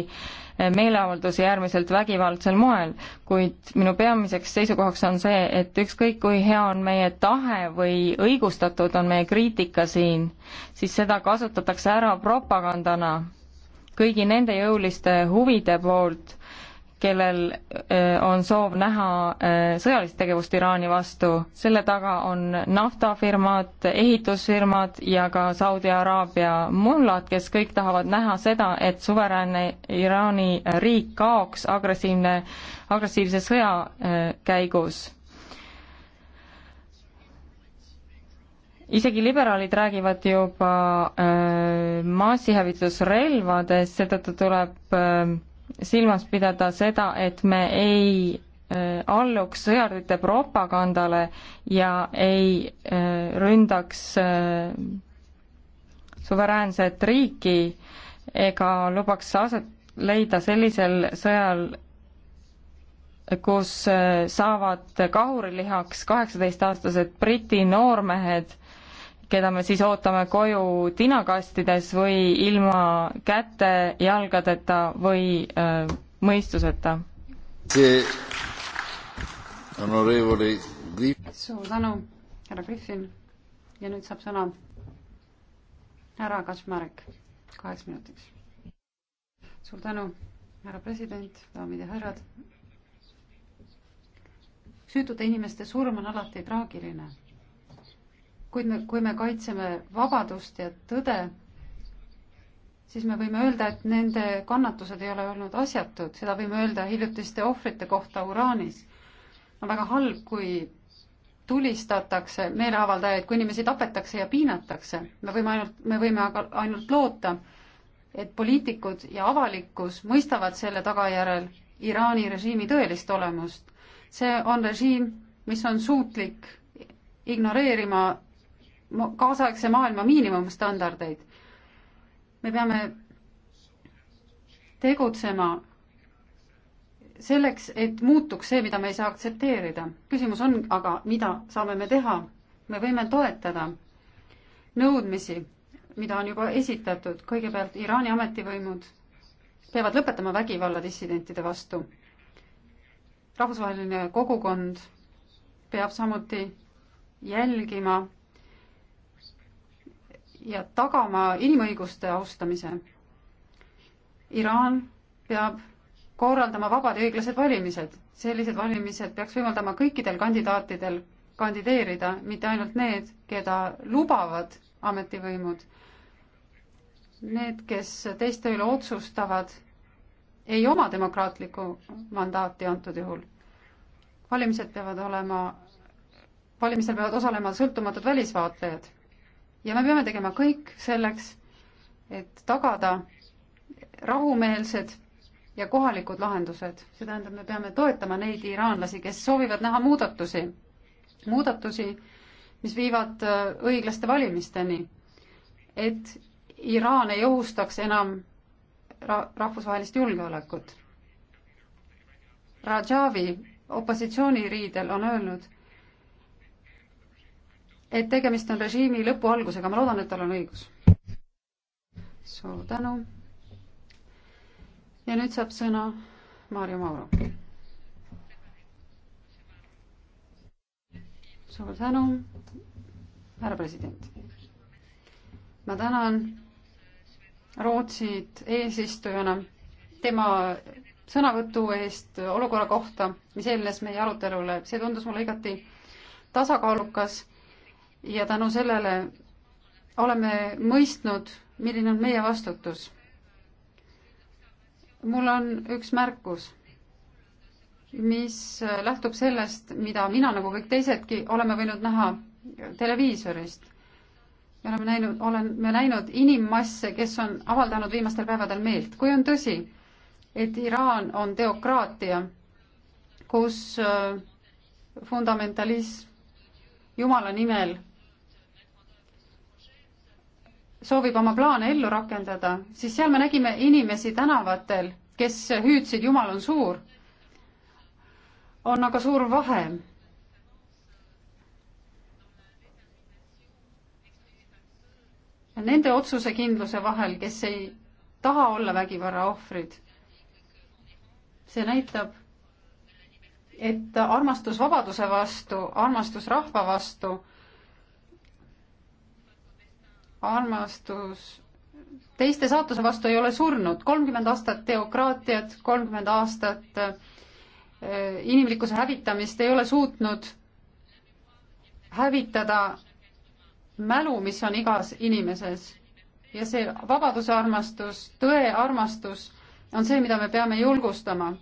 meeleavaldusi äärmiselt vägivaldsel moel, kuid minu peamiseks seisukohaks on see, et ükskõik kui hea on meie tahe või õigustatud on meie kriitika siin, siis seda kasutatakse ära propagandana kõigi nende jõuliste huvide poolt, kellel äh, on soov näha äh, sõjalist tegevust Iraani vastu. selle taga on naftafirmad, ehitusfirmad ja ka Saudi Araabia mullad, kes kõik tahavad näha seda, et suveräänne Iraani riik kaoks agressiivne, agressiivse sõja äh, käigus. isegi liberaalid räägivad juba massihävitusrelvadest, seetõttu tuleb öö, silmas pidada seda, et me ei äh, alluks sõjardite propagandale ja ei äh, ründaks äh, suveräänset riiki ega lubaks aset leida sellisel sõjal, kus saavad kahurilihaks kaheksateistaastased Briti noormehed keda me siis ootame koju tinakastides või ilma käte, jalgadeta või äh, mõistuseta. suur tänu, härra Griffin ja nüüd saab sõna härra Kaczmarek kaheks minutiks. suur tänu, härra president, daamid ja härrad. süütute inimeste surm on alati traagiline kuid me, kui me kaitseme vabadust ja tõde, siis me võime öelda, et nende kannatused ei ole olnud asjatud, seda võime öelda hiljutiste ohvrite kohta Uraanis. on väga halb, kui tulistatakse meeleavaldajaid, kui inimesi tapetakse ja piinatakse. me võime ainult, me võime aga ainult loota, et poliitikud ja avalikkus mõistavad selle tagajärjel Iraani režiimi tõelist olemust. see on režiim, mis on suutlik ignoreerima kaasaegse maailma miinimumstandardeid. me peame tegutsema selleks, et muutuks see, mida me ei saa aktsepteerida. küsimus on aga, mida saame me teha? me võime toetada nõudmisi, mida on juba esitatud, kõigepealt Iraani ametivõimud peavad lõpetama vägivalla dissidentide vastu. rahvusvaheline kogukond peab samuti jälgima ja tagama inimõiguste austamise. Iraan peab korraldama vabad ja õiglased valimised. sellised valimised peaks võimaldama kõikidel kandidaatidel kandideerida, mitte ainult need, keda lubavad ametivõimud. Need, kes teiste üle otsustavad, ei oma demokraatlikku mandaati antud juhul. valimised peavad olema, valimistel peavad osalema sõltumatud välisvaatlejad ja me peame tegema kõik selleks, et tagada rahumeelsed ja kohalikud lahendused. see tähendab, me peame toetama neid iraanlasi, kes soovivad näha muudatusi, muudatusi, mis viivad äh, õiglaste valimisteni, et Iraan ei ohustaks enam ra-, rahvusvahelist julgeolekut. Rajavi opositsiooniriidel on öelnud, et tegemist on režiimi lõpu algusega, ma loodan, et tal on õigus. suur tänu. ja nüüd saab sõna Maarja Mauro. suur tänu, härra president. ma tänan Rootsit eesistujana tema sõnavõtu eest olukorra kohta, mis eelnes meie arutelule, see tundus mulle igati tasakaalukas ja tänu sellele oleme mõistnud, milline on meie vastutus. mul on üks märkus, mis lähtub sellest, mida mina nagu kõik teisedki oleme võinud näha televiisorist. me oleme näinud, oleme näinud inimmasse, kes on avaldanud viimastel päevadel meelt, kui on tõsi, et Iraan on teokraatia, kus äh, fundamentalism jumala nimel soovib oma plaane ellu rakendada, siis seal me nägime inimesi tänavatel, kes hüüdsid Jumal on suur. on aga suur vahe. Nende otsusekindluse vahel, kes ei taha olla vägivara ohvrid. see näitab, et armastus vabaduse vastu, armastus rahva vastu armastus teiste saatuse vastu ei ole surnud. kolmkümmend aastat teokraatiat, kolmkümmend aastat eh, inimlikkuse hävitamist ei ole suutnud hävitada mälu, mis on igas inimeses. ja see vabaduse armastus, tõe armastus on see, mida me peame julgustama.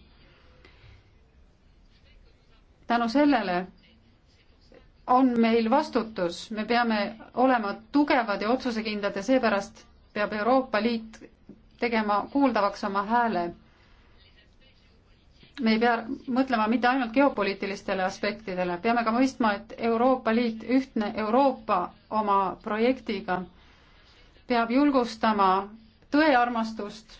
tänu sellele on meil vastutus, me peame olema tugevad ja otsusekindlad ja seepärast peab Euroopa Liit tegema kuuldavaks oma hääle. me ei pea mõtlema mitte ainult geopoliitilistele aspektidele, peame ka mõistma, et Euroopa Liit, ühtne Euroopa oma projektiga peab julgustama tõearmastust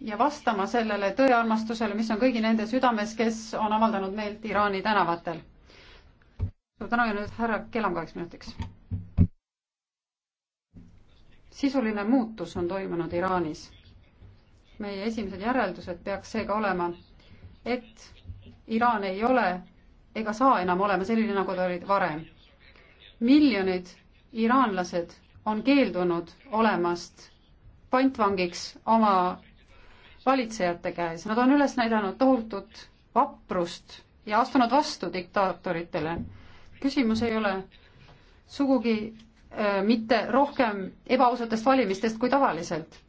ja vastama sellele tõearmastusele, mis on kõigi nende südames, kes on avaldanud meelt Iraani tänavatel suur tänu ja nüüd härra Kelam kaheks minutiks. sisuline muutus on toimunud Iraanis. meie esimesed järeldused peaks seega olema, et Iraan ei ole ega saa enam olema selline, nagu ta oli varem. miljonid iraanlased on keeldunud olemast pantvangiks oma valitsejate käes, nad on üles näidanud tohutut vaprust ja astunud vastu diktaatoritele küsimus ei ole sugugi äh, mitte rohkem ebaausatest valimistest kui tavaliselt.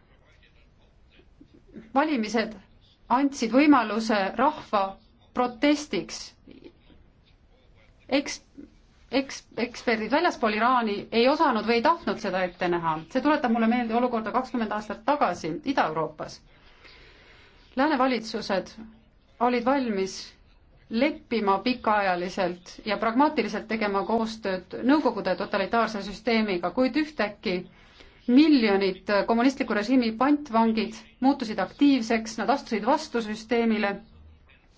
valimised andsid võimaluse rahva protestiks. eks, eks eksperdid väljaspool Iraani ei osanud või ei tahtnud seda ette näha. see tuletab mulle meelde olukorda kakskümmend aastat tagasi Ida-Euroopas. Lääne valitsused olid valmis leppima pikaajaliselt ja pragmaatiliselt tegema koostööd Nõukogude totalitaarse süsteemiga, kuid ühtäkki miljonid kommunistliku režiimi pantvangid muutusid aktiivseks, nad astusid vastu süsteemile,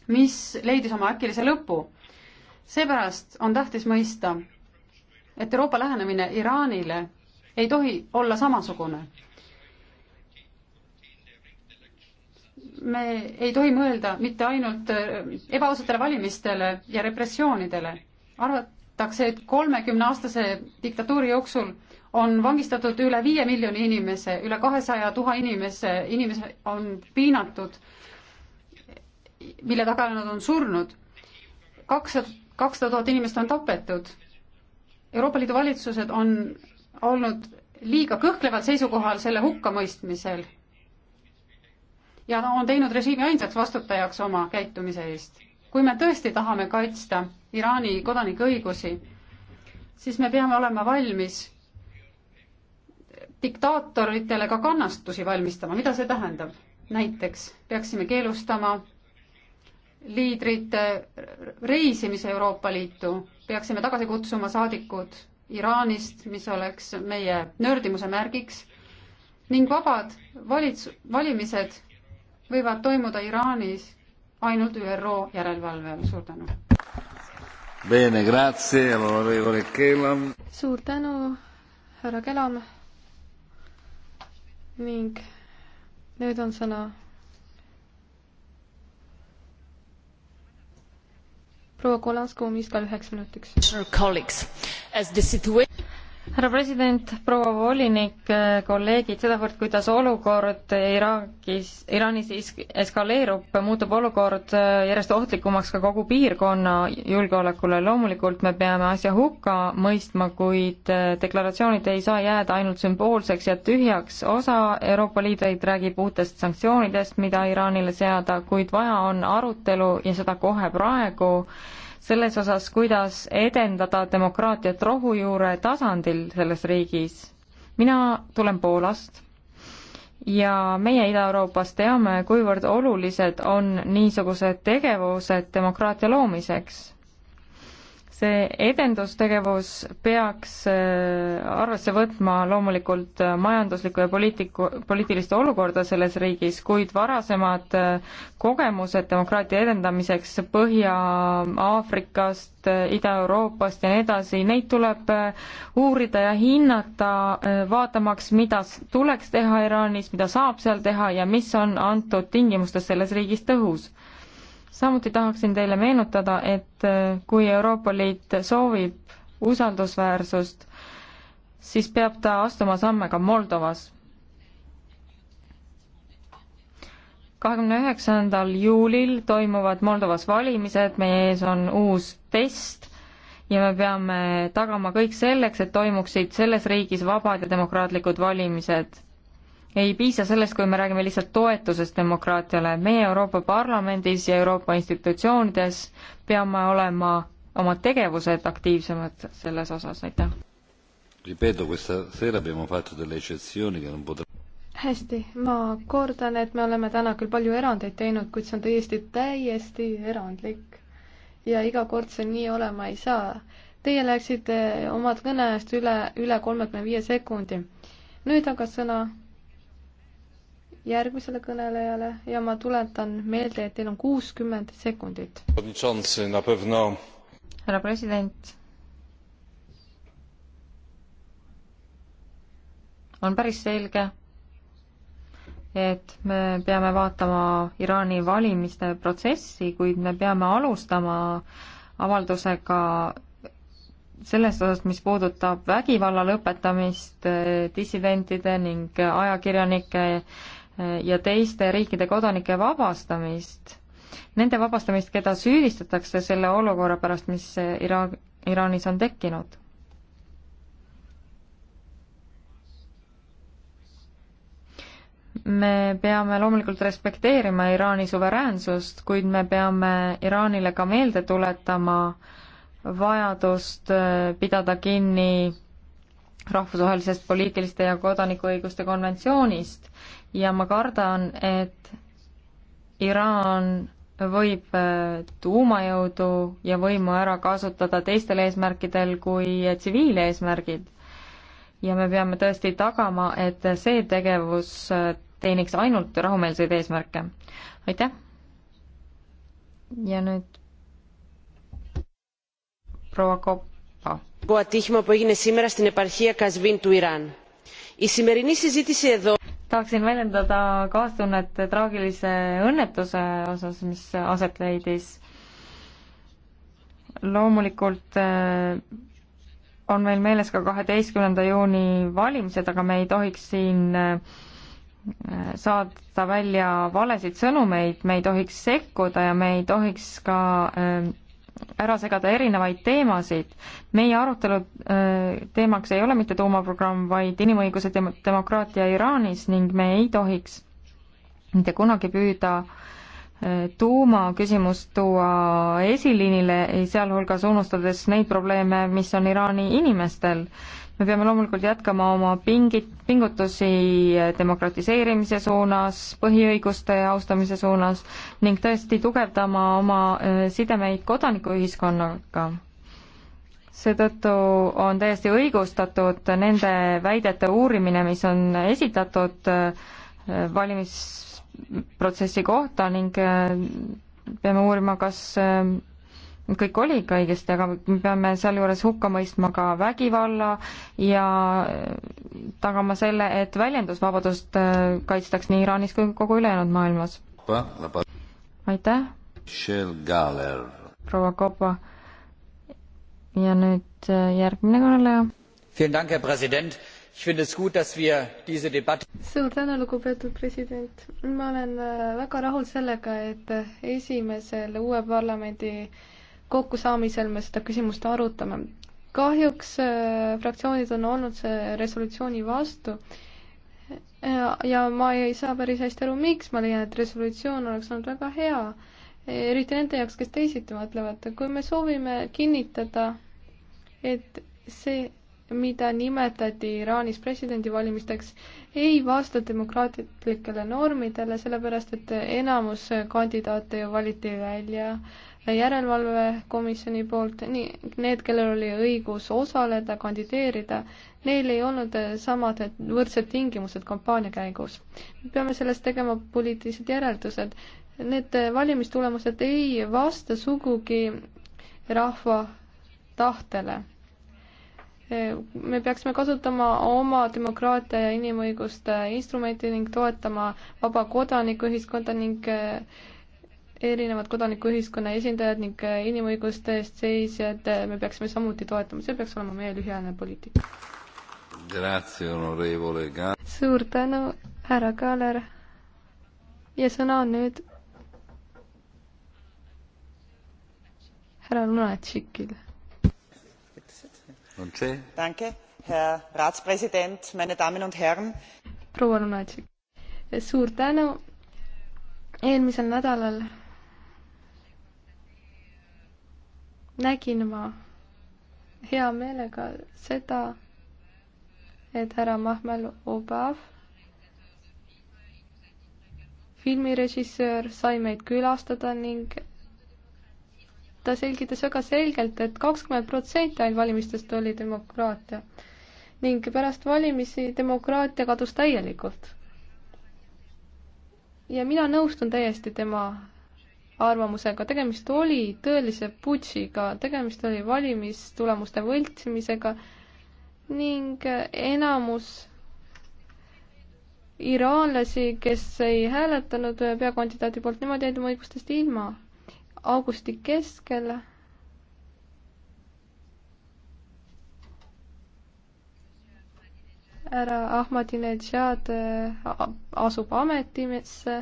mis leidis oma äkilise lõpu. seepärast on tähtis mõista, et Euroopa lähenemine Iraanile ei tohi olla samasugune me ei tohi mõelda mitte ainult äh, ebaausatele valimistele ja repressioonidele. arvatakse, et kolmekümneaastase diktatuuri jooksul on vangistatud üle viie miljoni inimese, üle kahesaja tuhande inimese, inimese on piinatud, mille taga nad on surnud. kakssada, kakssada tuhat inimest on tapetud. Euroopa Liidu valitsused on olnud liiga kõhkleval seisukohal selle hukkamõistmisel ja on teinud režiimi ainsaks vastutajaks oma käitumise eest. kui me tõesti tahame kaitsta Iraani kodanike õigusi, siis me peame olema valmis diktaatoritele ka kannastusi valmistama, mida see tähendab? näiteks peaksime keelustama liidrite reisimise Euroopa Liitu, peaksime tagasi kutsuma saadikud Iraanist, mis oleks meie nördimuse märgiks ning vabad valits-, valimised võivad toimuda Iraanis ainult ÜRO järelevalve all, suur tänu. Bene, grazie, onorevole Kelam. suur tänu, härra Kelam. ning nüüd on sõna proua Kolanskuu, mis ka üheks minutiks härra president, proua volinik, kolleegid, sedavõrd, kuidas olukord Iraagis, Iraanis eskaleerub, muutub olukord järjest ohtlikumaks ka kogu piirkonna julgeolekule. loomulikult me peame asja hukka mõistma, kuid deklaratsioonid ei saa jääda ainult sümboolseks ja tühjaks. osa Euroopa Liiduid räägib uutest sanktsioonidest, mida Iraanile seada, kuid vaja on arutelu ja seda kohe praegu selles osas, kuidas edendada demokraatiat rohujuure tasandil selles riigis. mina tulen Poolast ja meie Ida-Euroopas teame, kuivõrd olulised on niisugused tegevused demokraatia loomiseks see edendustegevus peaks äh, arvesse võtma loomulikult äh, majanduslikku ja poliitiku, poliitilist olukorda selles riigis, kuid varasemad äh, kogemused demokraatia edendamiseks Põhja-Aafrikast, Ida-Euroopast ja nii edasi, neid tuleb uurida ja hinnata, vaatamaks, mida tuleks teha Iraanis, mida saab seal teha ja mis on antud tingimustes selles riigis tõhus samuti tahaksin teile meenutada, et äh, kui Euroopa Liit soovib usaldusväärsust, siis peab ta astuma samme ka Moldovas. kahekümne üheksandal juulil toimuvad Moldovas valimised, meie ees on uus test ja me peame tagama kõik selleks, et toimuksid selles riigis vabad ja demokraatlikud valimised ei piisa sellest, kui me räägime lihtsalt toetusest demokraatiale. meie Euroopa Parlamendis ja Euroopa institutsioonides peame olema oma tegevused aktiivsemad selles osas, aitäh. hästi, ma kordan, et me oleme täna küll palju erandeid teinud, kuid see on täiesti, täiesti erandlik. ja iga kord see nii olema ei saa. Teie läksite omad kõne eest üle, üle kolmekümne viie sekundi. nüüd aga sõna järgmisele kõnelejale ja ma tuletan meelde, et teil on kuuskümmend sekundit. härra president. on päris selge, et me peame vaatama Iraani valimiste protsessi, kuid me peame alustama avaldusega selles osas, mis puudutab vägivalla lõpetamist eh, dissidentide ning ajakirjanike ja teiste riikide kodanike vabastamist, nende vabastamist, keda süüdistatakse selle olukorra pärast, mis Iraan, Iraanis on tekkinud. me peame loomulikult respekteerima Iraani suveräänsust, kuid me peame Iraanile ka meelde tuletama vajadust äh, pidada kinni rahvusvahelisest poliitiliste ja kodanikuõiguste konventsioonist ja ma kardan, et Iraan võib äh, tuumajõudu ja võimu ära kasutada teistel eesmärkidel kui tsiviileesmärgid. ja me peame tõesti tagama, et see tegevus äh, teeniks ainult rahumeelseid eesmärke. aitäh! ja nüüd proua Koppa τραγικό ατύχημα που έγινε σήμερα στην επαρχία Κασβίν του Ιράν. Η σημερινή συζήτηση εδώ tahaksin väljendada kaastunnet traagilise õnnetuse osas, mis aset leidis. loomulikult eh, on meil meeles ka kaheteistkümnenda juuni valimised, aga me ei tohiks siin eh, saata välja valesid sõnumeid, me ei tohiks sekkuda ja me ei tohiks ka eh, ära segada erinevaid teemasid. meie arutelu teemaks ei ole mitte tuumaprogramm, vaid inimõigused ja demokraatia Iraanis ning me ei tohiks mitte kunagi püüda tuumaküsimust tuua esiliinile, sealhulgas unustades neid probleeme, mis on Iraani inimestel me peame loomulikult jätkama oma pingid, pingutusi demokratiseerimise suunas, põhiõiguste austamise suunas ning tõesti tugevdama oma äh, sidemeid kodanikuühiskonnaga. seetõttu on täiesti õigustatud nende väidete uurimine, mis on esitatud äh, valimisprotsessi kohta ning äh, peame uurima, kas kõik oligi õigesti, aga me peame sealjuures hukka mõistma ka vägivalla ja äh, tagama selle, et väljendusvabadust äh, kaitstaks nii Iraanis kui kogu ülejäänud maailmas. aitäh! proua Kopa. ja nüüd äh, järgmine kõneleja. Ich finde es gut, dass wir diese Debatte. Suur tänu, lugupeetud president. Ma olen väga rahul sellega, et esimesel uue parlamendi äh, kokkusaamisel me seda küsimust arutame. kahjuks äh, fraktsioonid on olnud see resolutsiooni vastu äh, ja ma ei saa päris hästi aru, miks, ma leian, et resolutsioon oleks olnud väga hea, eriti nende jaoks, kes teisiti mõtlevad, kui me soovime kinnitada, et see, mida nimetati Iraanis presidendivalimisteks, ei vasta demokraatlikele normidele, sellepärast et enamus kandidaate ju valiti välja äh, järelevalvekomisjoni poolt, nii need, kellel oli õigus osaleda, kandideerida, neil ei olnud samad võrdsed tingimused kampaania käigus. peame sellest tegema poliitilised järeldused. Need valimistulemused ei vasta sugugi rahva tahtele. me peaksime kasutama oma demokraatia ja inimõiguste instrumente ning toetama vaba kodanikuühiskonda ning äh, erinevad kodanikuühiskonna esindajad ning äh, inimõiguste eest seisjad, äh, me peaksime samuti toetama, see peaks olema meie lühiajaline poliitika. suur tänu, härra Kaaler. ja sõna on nüüd härra Lunatšikil. proua Lunatšik, suur tänu. eelmisel nädalal nägin ma hea meelega seda, et härra Mahmel Obav, filmirežissöör, sai meid külastada ning ta selgitas väga selgelt et, et kakskümmend protsenti ainult valimistest oli demokraatia ning pärast valimisi demokraatia kadus täielikult. ja mina nõustun täiesti tema arvamusega, tegemist oli tõelise putšiga, tegemist oli valimistulemuste võltsimisega ning enamus iraanlasi, kes ei hääletanud peakandidaadi poolt, nemad jäid oma õigustest ilma. augusti keskel härra Ahmadinejad eh, asub ametisse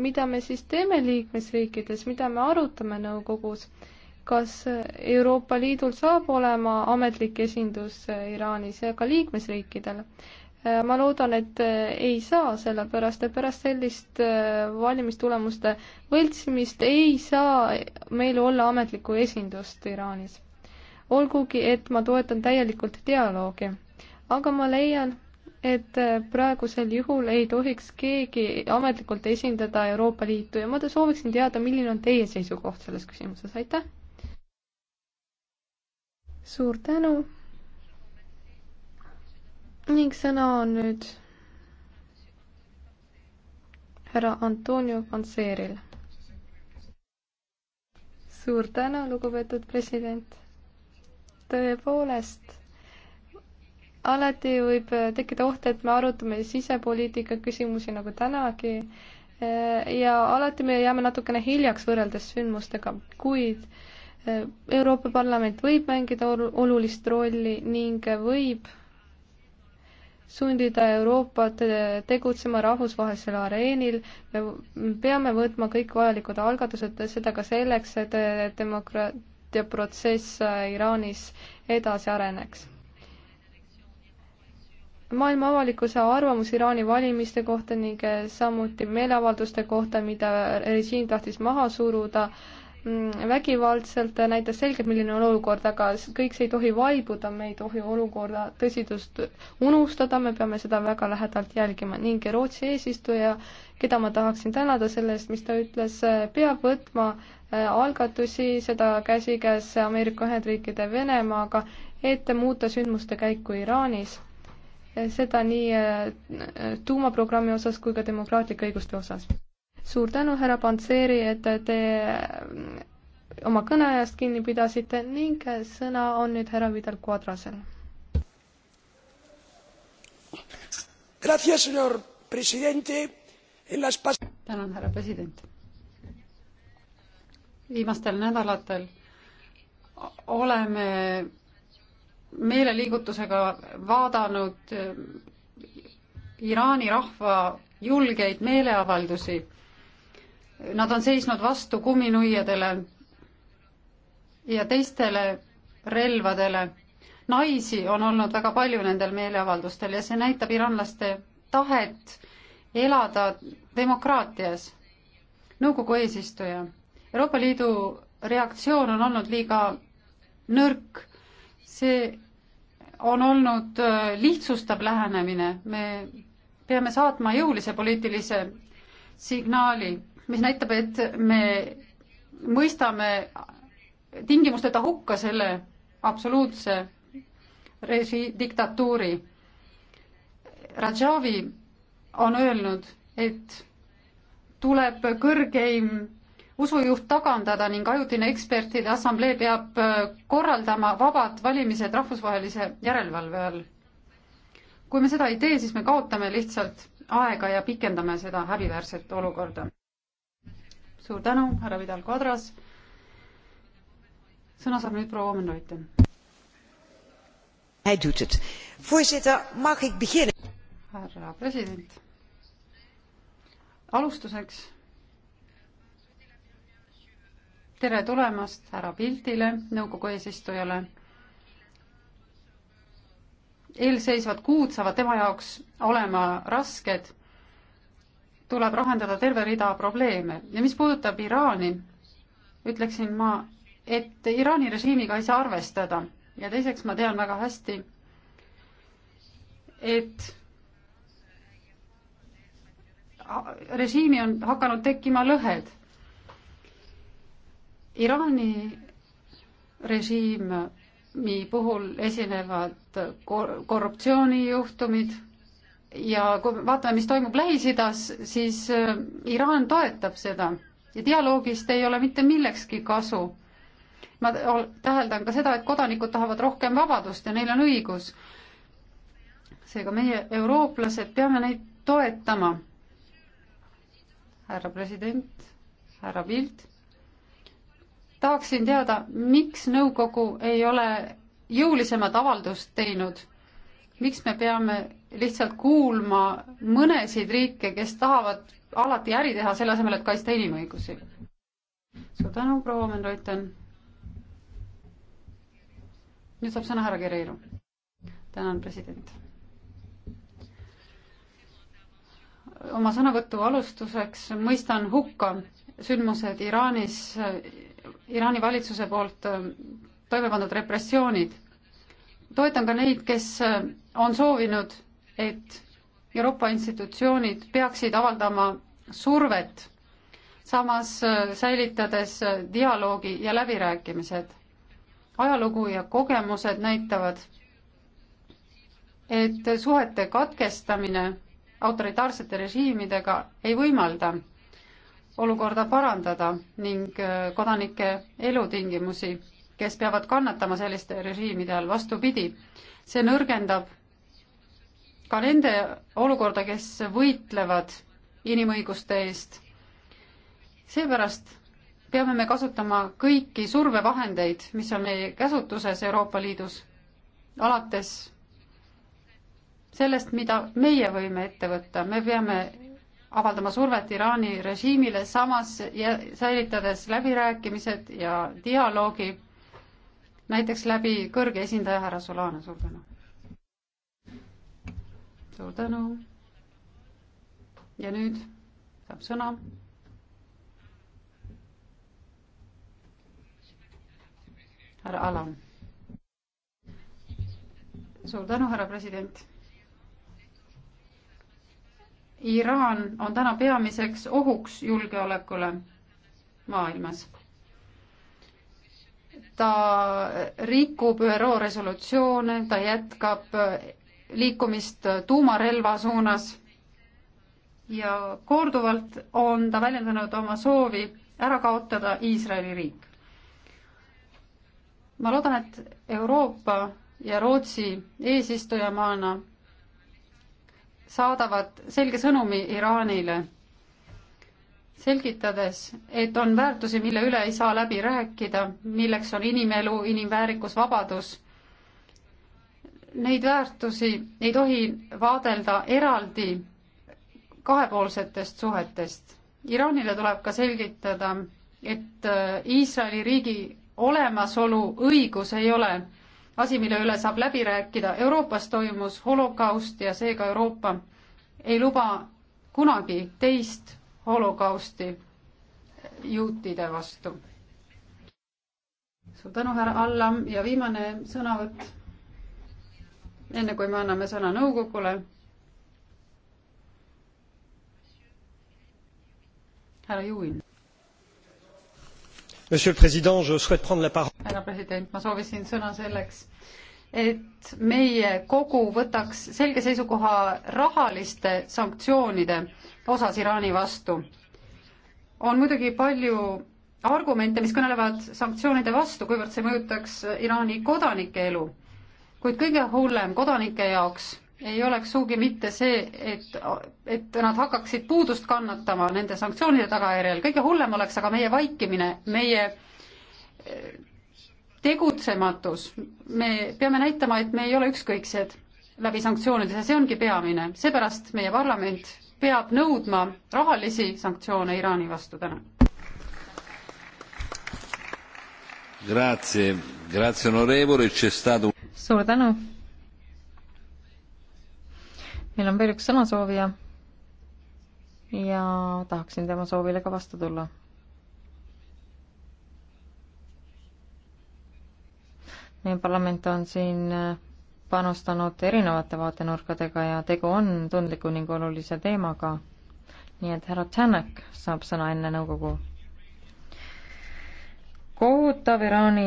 mida me siis teeme liikmesriikides, mida me arutame nõukogus, kas Euroopa Liidul saab olema ametlik esindus Iraanis ja ka liikmesriikidel? Äh, ma loodan, et äh, ei saa, sellepärast et pärast sellist äh, valimistulemuste võltsimist ei saa meil olla ametlikku esindust Iraanis. olgugi, et ma toetan täielikult dialoogi, aga ma leian, et äh, praegusel juhul ei tohiks keegi ametlikult esindada Euroopa Liitu ja ma sooviksin teada, milline on teie seisukoht selles küsimuses, aitäh! suur tänu! ning sõna on nüüd härra Antonio Panseril. suur tänu, lugupeetud president! tõepoolest alati võib äh, tekkida oht, et me arutame sisepoliitika küsimusi nagu tänagi äh, ja alati me jääme natukene hiljaks võrreldes sündmustega, kuid äh, Euroopa Parlament võib mängida olulist rolli ning võib sundida Euroopat tegutsema rahvusvahelisel areenil. me peame võtma kõik vajalikud algatused, seda ka selleks, et demokraatia protsess Iraanis edasi areneks maailma avalikkuse arvamus Iraani valimiste kohta ning eh, samuti meeleavalduste kohta, mida režiim tahtis maha suruda, mm, vägivaldselt eh, näitas selgelt, milline on olukord, aga kõik see ei tohi vaibuda, me ei tohi olukorda tõsidust unustada, me peame seda väga lähedalt jälgima ning Rootsi eesistuja, keda ma tahaksin tänada selle eest, mis ta ütles, eh, peab võtma algatusi, seda käsikäes Ameerika Ühendriikide Venemaaga, et muuta sündmuste käiku Iraanis seda nii äh, tuumaprogrammi osas kui ka demokraatlike õiguste osas. suur tänu, härra Pantseri, et te äh, oma kõneajast kinni pidasite ning äh, sõna on nüüd härra Vidal Quadrasel. tänan, härra president. viimastel nädalatel oleme meeleliigutusega vaadanud eh, Iraani rahva julgeid meeleavaldusi. Nad on seisnud vastu kumminuiadele ja teistele relvadele. naisi on olnud väga palju nendel meeleavaldustel ja see näitab iranlaste tahet elada demokraatias. nõukogu eesistuja, Euroopa Liidu reaktsioon on olnud liiga nõrk see on olnud äh, lihtsustav lähenemine, me peame saatma jõulise poliitilise signaali, mis näitab, et me mõistame tingimusteta hukka selle absoluutse reži-, diktatuuri. Rajavi on öelnud, et tuleb kõrgeim usujuht tagandada ning ajutine ekspertide assamblee peab äh, korraldama vabad valimised rahvusvahelise järelevalve all. kui me seda ei tee, siis me kaotame lihtsalt aega ja pikendame seda häbiväärset olukorda. suur tänu, härra Vidal Kadras. sõna saab nüüd proua Omenreuten. härra president, alustuseks tere tulemast härra Pildile, nõukogu eesistujale. eelseisvad kuud saavad tema jaoks olema rasked, tuleb lahendada terve rida probleeme ja mis puudutab Iraani, ütleksin ma, et Iraani režiimiga ei saa arvestada ja teiseks ma tean väga hästi, et režiimi on hakanud tekkima lõhed Iraani režiimi puhul esinevad kor-, korruptsioonijuhtumid ja kui vaatame, mis toimub Lähis-Idas, siis äh, Iraan toetab seda ja dialoogist ei ole mitte millekski kasu ma täheldan ka seda, et kodanikud tahavad rohkem vabadust ja neil on õigus. seega meie, eurooplased, peame neid toetama. härra president, härra Pilt, tahaksin teada, miks nõukogu ei ole jõulisemat avaldust teinud? miks me peame lihtsalt kuulma mõnesid riike, kes tahavad alati äri teha, selle asemel, et kaitsta inimõigusi? suur tänu, proua Omen-Reuten. nüüd saab sõna härra Guerreiro. tänan, president. oma sõnavõtu alustuseks mõistan hukka sündmused Iraanis Iraani valitsuse poolt äh, toime pandud repressioonid. toetan ka neid, kes äh, on soovinud, et Euroopa institutsioonid peaksid avaldama survet, samas äh, säilitades dialoogi ja läbirääkimised. ajalugu ja kogemused näitavad, et suhete katkestamine autoritaarsete režiimidega ei võimalda olukorda parandada ning äh, kodanike elutingimusi, kes peavad kannatama selliste režiimide all, vastupidi, see nõrgendab ka nende olukorda, kes võitlevad inimõiguste eest. seepärast peame me kasutama kõiki survevahendeid, mis on meie käsutuses Euroopa Liidus, alates sellest, mida meie võime ette võtta, me peame avaldama survet Iraani režiimile, samas säilitades läbirääkimised ja dialoogi, näiteks läbi kõrge esindaja härra Solana, suur tänu. suur tänu. ja nüüd saab sõna härra Alam. suur tänu, härra president Iraan on täna peamiseks ohuks julgeolekule maailmas. ta rikub ÜRO resolutsioone, ta jätkab liikumist tuumarelva suunas ja korduvalt on ta väljendanud oma soovi ära kaotada Iisraeli riik. ma loodan, et Euroopa ja Rootsi eesistujamaana saadavad selge sõnumi Iraanile, selgitades, et on väärtusi, mille üle ei saa läbi rääkida, milleks on inimelu, inimväärikus, vabadus. Neid väärtusi ei tohi vaadelda eraldi kahepoolsetest suhetest. Iraanile tuleb ka selgitada, et äh, Iisraeli riigi olemasolu õigus ei ole asi, mille üle saab läbi rääkida. Euroopas toimus holokaust ja seega Euroopa ei luba kunagi teist holokausti juutide vastu. suur tänu, härra Allam ja viimane sõnavõtt, enne kui me anname sõna nõukogule. härra Juin. Monsieur le Président, je souhaite prendre la parole härra president, ma soovisin sõna selleks, et meie kogu võtaks selge seisukoha rahaliste sanktsioonide osas Iraani vastu. on muidugi palju argumente, mis kõnelevad sanktsioonide vastu, kuivõrd see mõjutaks Iraani kodanike elu. kuid kõige hullem kodanike jaoks ei oleks sugugi mitte see, et, et nad hakkaksid puudust kannatama nende sanktsioonide tagajärjel, kõige hullem oleks aga meie vaikimine, meie tegutsematus, me peame näitama, et me ei ole ükskõiksed läbi sanktsioonide, see ongi peamine, seepärast meie parlament peab nõudma rahalisi sanktsioone Iraani vastu täna. suur tänu. meil on veel üks sõnasoovija ja tahaksin tema soovile ka vastu tulla meie parlament on siin äh, panustanud erinevate vaatenurkadega ja tegu on tundliku ning olulise teemaga. nii et härra Tšanek saab sõna enne nõukogu. kohutav Iraani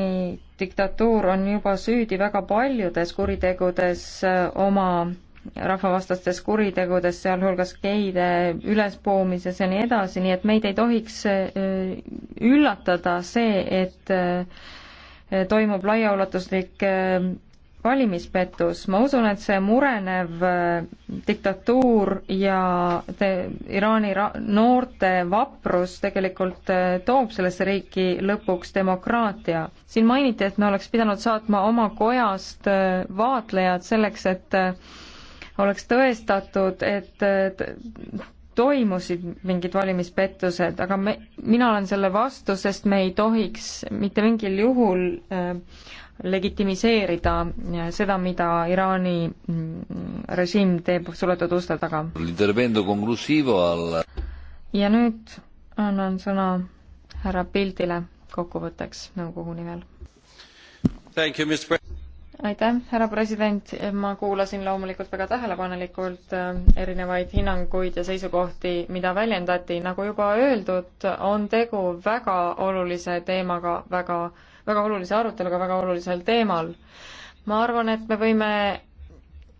diktatuur on juba süüdi väga paljudes kuritegudes äh, oma rahvavastastes kuritegudes, sealhulgas geide ülespoomises ja nii edasi, nii et meid ei tohiks äh, üllatada see, et toimub laiaulatuslik äh, valimispettus, ma usun, et see murenev äh, diktatuur ja te, Iraani ra-, noorte vaprus tegelikult äh, toob sellesse riiki lõpuks demokraatia. siin mainiti, et me oleks pidanud saatma oma kojast vaatlejad selleks, et oleks tõestatud, et toimusid mingid valimispettused, aga me, mina olen selle vastu, sest me ei tohiks mitte mingil juhul äh, legitimiseerida äh, seda, mida Iraani mm, režiim teeb suletud uste taga. ja nüüd annan sõna härra Pildile kokkuvõtteks nõukogu nimel aitäh, härra president, ma kuulasin loomulikult väga tähelepanelikult äh, erinevaid hinnanguid ja seisukohti, mida väljendati, nagu juba öeldud, on tegu väga olulise teemaga, väga, väga olulise aruteluga väga olulisel teemal. ma arvan, et me võime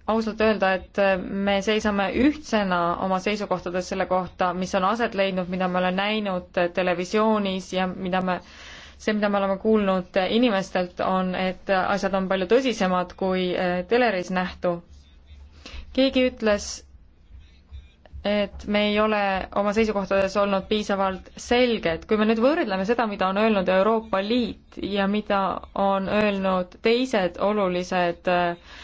ausalt öelda, et äh, me seisame ühtsena oma seisukohtades selle kohta, mis on aset leidnud, mida me oleme näinud äh, televisioonis ja mida me see, mida me oleme kuulnud inimestelt, on, et asjad on palju tõsisemad kui eh, teleris nähtu. keegi ütles, et me ei ole oma seisukohtades olnud piisavalt selged. kui me nüüd võrdleme seda, mida on öelnud Euroopa Liit ja mida on öelnud teised olulised eh,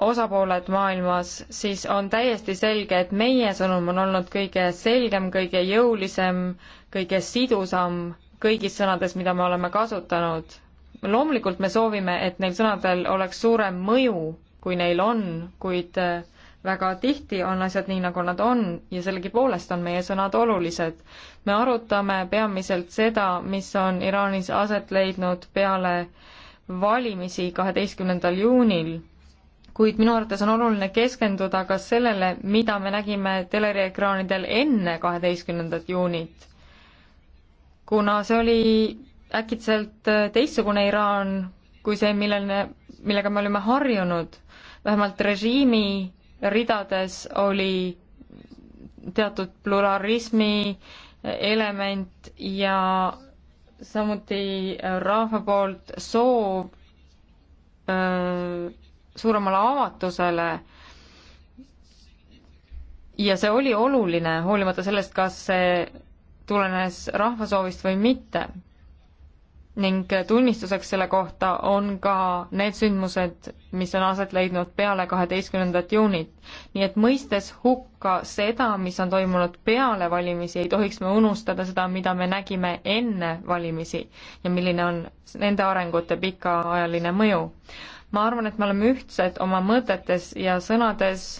osapooled maailmas, siis on täiesti selge, et meie sõnum on olnud kõige selgem, kõige jõulisem, kõige sidusam kõigis sõnades, mida me oleme kasutanud. loomulikult me soovime, et neil sõnadel oleks suurem mõju, kui neil on, kuid eh, väga tihti on asjad nii, nagu nad on ja sellegipoolest on meie sõnad olulised. me arutame peamiselt seda, mis on Iraanis aset leidnud peale valimisi kaheteistkümnendal juunil, kuid minu arvates on oluline keskenduda ka sellele, mida me nägime teleekraanidel enne kaheteistkümnendat juunit kuna see oli äkitselt äh, teistsugune Iraan kui see, millele, millega me olime harjunud. vähemalt režiimi ridades oli teatud pluralismi äh, element ja samuti äh, rahva poolt soov öö, suuremale avatusele ja see oli oluline, hoolimata sellest, kas see tulenes rahvasoovist või mitte. ning tunnistuseks selle kohta on ka need sündmused, mis on aset leidnud peale kaheteistkümnendat juunit. nii et mõistes hukka seda, mis on toimunud peale valimisi, ei tohiks me unustada seda, mida me nägime enne valimisi ja milline on nende arengute pikaajaline mõju. ma arvan, et me oleme ühtsed oma mõtetes ja sõnades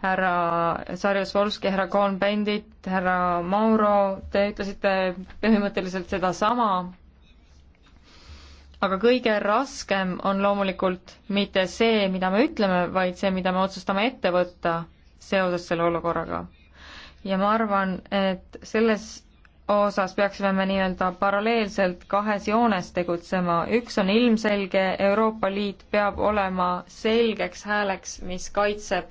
härra Sarjus Volski, härra Cohn-Bendit, härra Mauro, te ütlesite põhimõtteliselt sedasama, aga kõige raskem on loomulikult mitte see, mida me ütleme, vaid see, mida me otsustame ette võtta seoses selle olukorraga. ja ma arvan, et selles osas peaksime me nii-öelda paralleelselt kahes joones tegutsema, üks on ilmselge, Euroopa Liit peab olema selgeks hääleks, mis kaitseb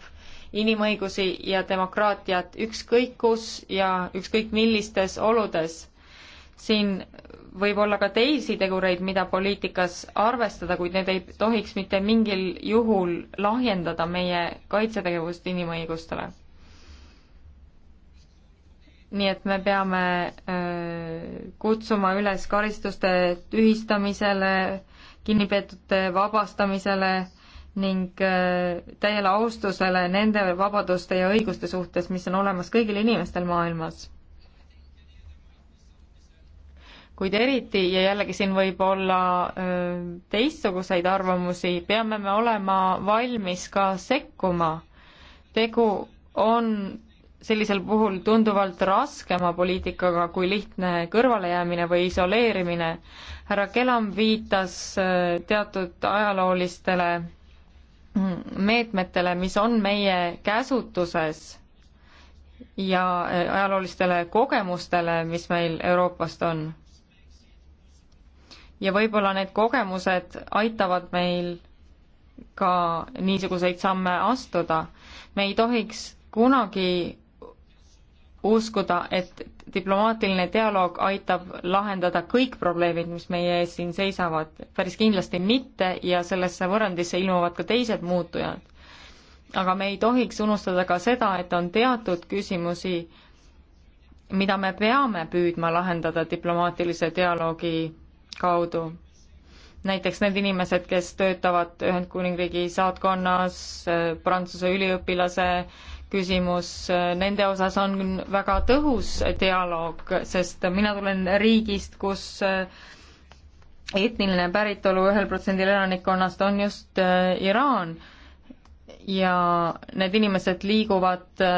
inimõigusi ja demokraatiat ükskõik kus ja ükskõik millistes oludes. siin võib olla ka teisi tegureid, mida poliitikas arvestada, kuid need ei tohiks mitte mingil juhul lahjendada meie kaitsetegevust inimõigustele. nii et me peame öö, kutsuma üles karistuste tühistamisele, kinnipeetute vabastamisele, ning äh, täiele austusele nende vabaduste ja õiguste suhtes, mis on olemas kõigil inimestel maailmas. kuid eriti ja jällegi siin võib olla äh, teistsuguseid arvamusi, peame me olema valmis ka sekkuma. tegu on sellisel puhul tunduvalt raskema poliitikaga kui lihtne kõrvalejäämine või isoleerimine. härra Kelam viitas äh, teatud ajaloolistele meetmetele, mis on meie käsutuses ja äh, ajaloolistele kogemustele, mis meil Euroopast on. ja võib-olla need kogemused aitavad meil ka niisuguseid samme astuda. me ei tohiks kunagi uskuda, et diplomaatiline dialoog aitab lahendada kõik probleemid, mis meie ees siin seisavad, päris kindlasti mitte ja sellesse võrrandisse ilmuvad ka teised muutujad. aga me ei tohiks unustada ka seda, et on teatud küsimusi, mida me peame püüdma lahendada diplomaatilise dialoogi kaudu. näiteks need inimesed, kes töötavad Ühendkuningriigi saatkonnas, Prantsuse üliõpilase äh, küsimus, nende osas on väga tõhus dialoog, sest mina tulen riigist, kus etniline päritolu ühel protsendil elanikkonnast on just äh, Iraan ja need inimesed liiguvad äh,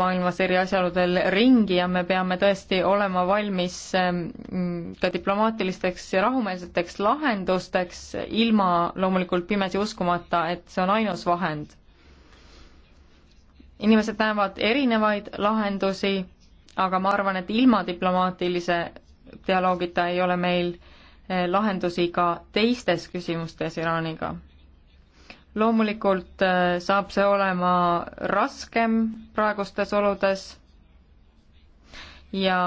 maailmas eri asjaoludel ringi ja me peame tõesti olema valmis ähm, ka diplomaatilisteks ja rahumeelseteks lahendusteks, ilma loomulikult pimesi uskumata, et see on ainus vahend inimesed näevad erinevaid lahendusi, aga ma arvan, et ilma diplomaatilise dialoogita ei ole meil eh, lahendusi ka teistes küsimustes Iraaniga. loomulikult eh, saab see olema raskem praegustes oludes ja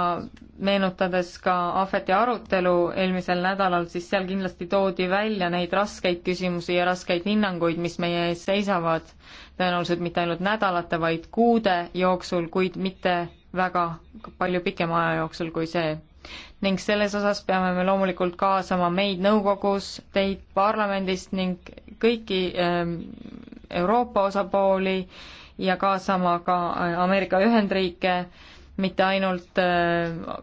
meenutades ka Ahveti arutelu eelmisel nädalal, siis seal kindlasti toodi välja neid raskeid küsimusi ja raskeid hinnanguid, mis meie ees seisavad tõenäoliselt mitte ainult nädalate, vaid kuude jooksul, kuid mitte väga palju pikema aja jooksul kui see. ning selles osas peame me loomulikult kaasama meid nõukogus, teid parlamendist ning kõiki ähm, Euroopa osapooli ja kaasama ka äh, Ameerika Ühendriike, mitte ainult äh,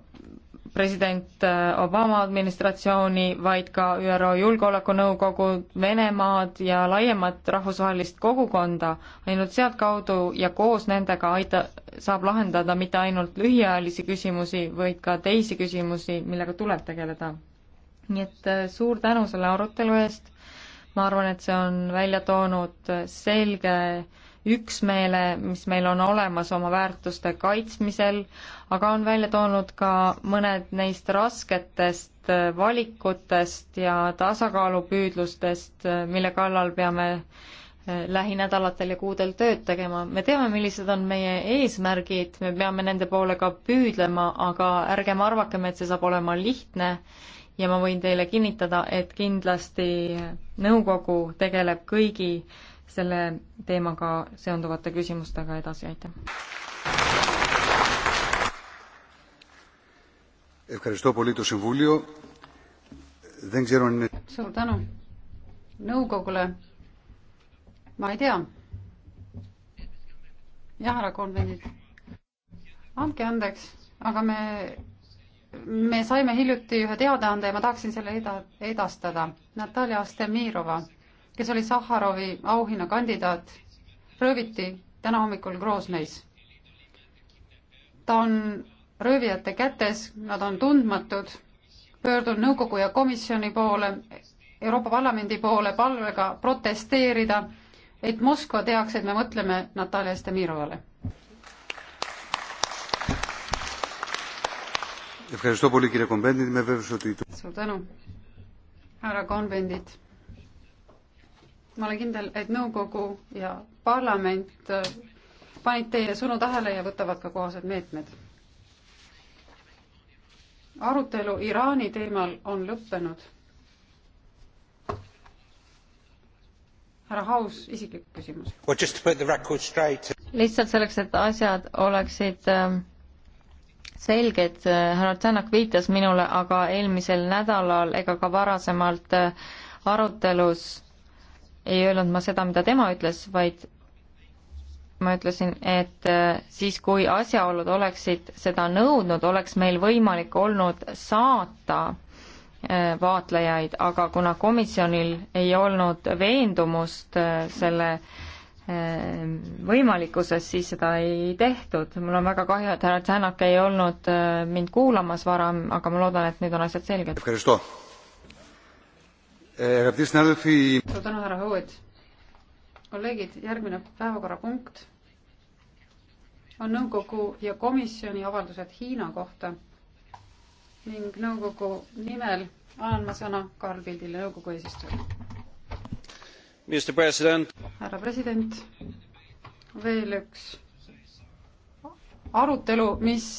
president äh, Obama administratsiooni, vaid ka ÜRO Julgeolekunõukogu, Venemaad ja laiemat rahvusvahelist kogukonda. ainult sealtkaudu ja koos nendega aita-, saab lahendada mitte ainult lühiajalisi küsimusi, vaid ka teisi küsimusi, millega tuleb tegeleda. nii et äh, suur tänu selle arutelu eest, ma arvan, et see on välja toonud selge äh, üksmeele, mis meil on olemas oma väärtuste kaitsmisel, aga on välja toonud ka mõned neist rasketest äh, valikutest ja tasakaalupüüdlustest, äh, mille kallal peame äh, lähinädalatel ja kuudel tööd tegema. me teame, millised on meie eesmärgid, me peame nende poole ka püüdlema, aga ärgem arvakem, et see saab olema lihtne ja ma võin teile kinnitada, et kindlasti nõukogu tegeleb kõigi äh, selle teemaga seonduvate küsimustega edasi, aitäh! suur tänu nõukogule, ma ei tea, jah, härra konvendid, andke andeks, aga me, me saime hiljuti ühe teadaande ja ma tahaksin selle eda-, edastada. Natalja Stemirova kes oli Sahharovi auhinna kandidaat, rööviti täna hommikul Groznõis. ta on röövijate kätes, nad on tundmatud, pöördun nõukogu ja komisjoni poole, Euroopa Parlamendi poole palvega protesteerida, et Moskva teaks, et me mõtleme Natalja Estemirovale. suur tänu, härra konvendit ma olen kindel, et nõukogu ja parlament äh, panid teie sõnu tähele ja võtavad ka kohased meetmed. arutelu Iraani teemal on lõppenud. härra Haus, isiklik küsimus well,. lihtsalt selleks, et asjad oleksid ähm, selged, äh, härra Tšanak viitas minule aga eelmisel nädalal ega ka varasemalt äh, arutelus ei öelnud ma seda, mida tema ütles, vaid ma ütlesin, et äh, siis, kui asjaolud oleksid seda nõudnud, oleks meil võimalik olnud saata äh, vaatlejaid, aga kuna komisjonil ei olnud veendumust äh, selle võimalikkuses, siis seda ei tehtud. mul on väga kahju, et härra Tänak ei olnud mind kuulamas varem, aga ma loodan, et nüüd on asjad selged suur tänu, härra Howard. kolleegid, järgmine päevakorrapunkt on nõukogu ja komisjoni avaldused Hiina kohta ning nõukogu nimel annan ma sõna Karl Pildile, nõukogu eesistujale. härra president, veel üks arutelu, mis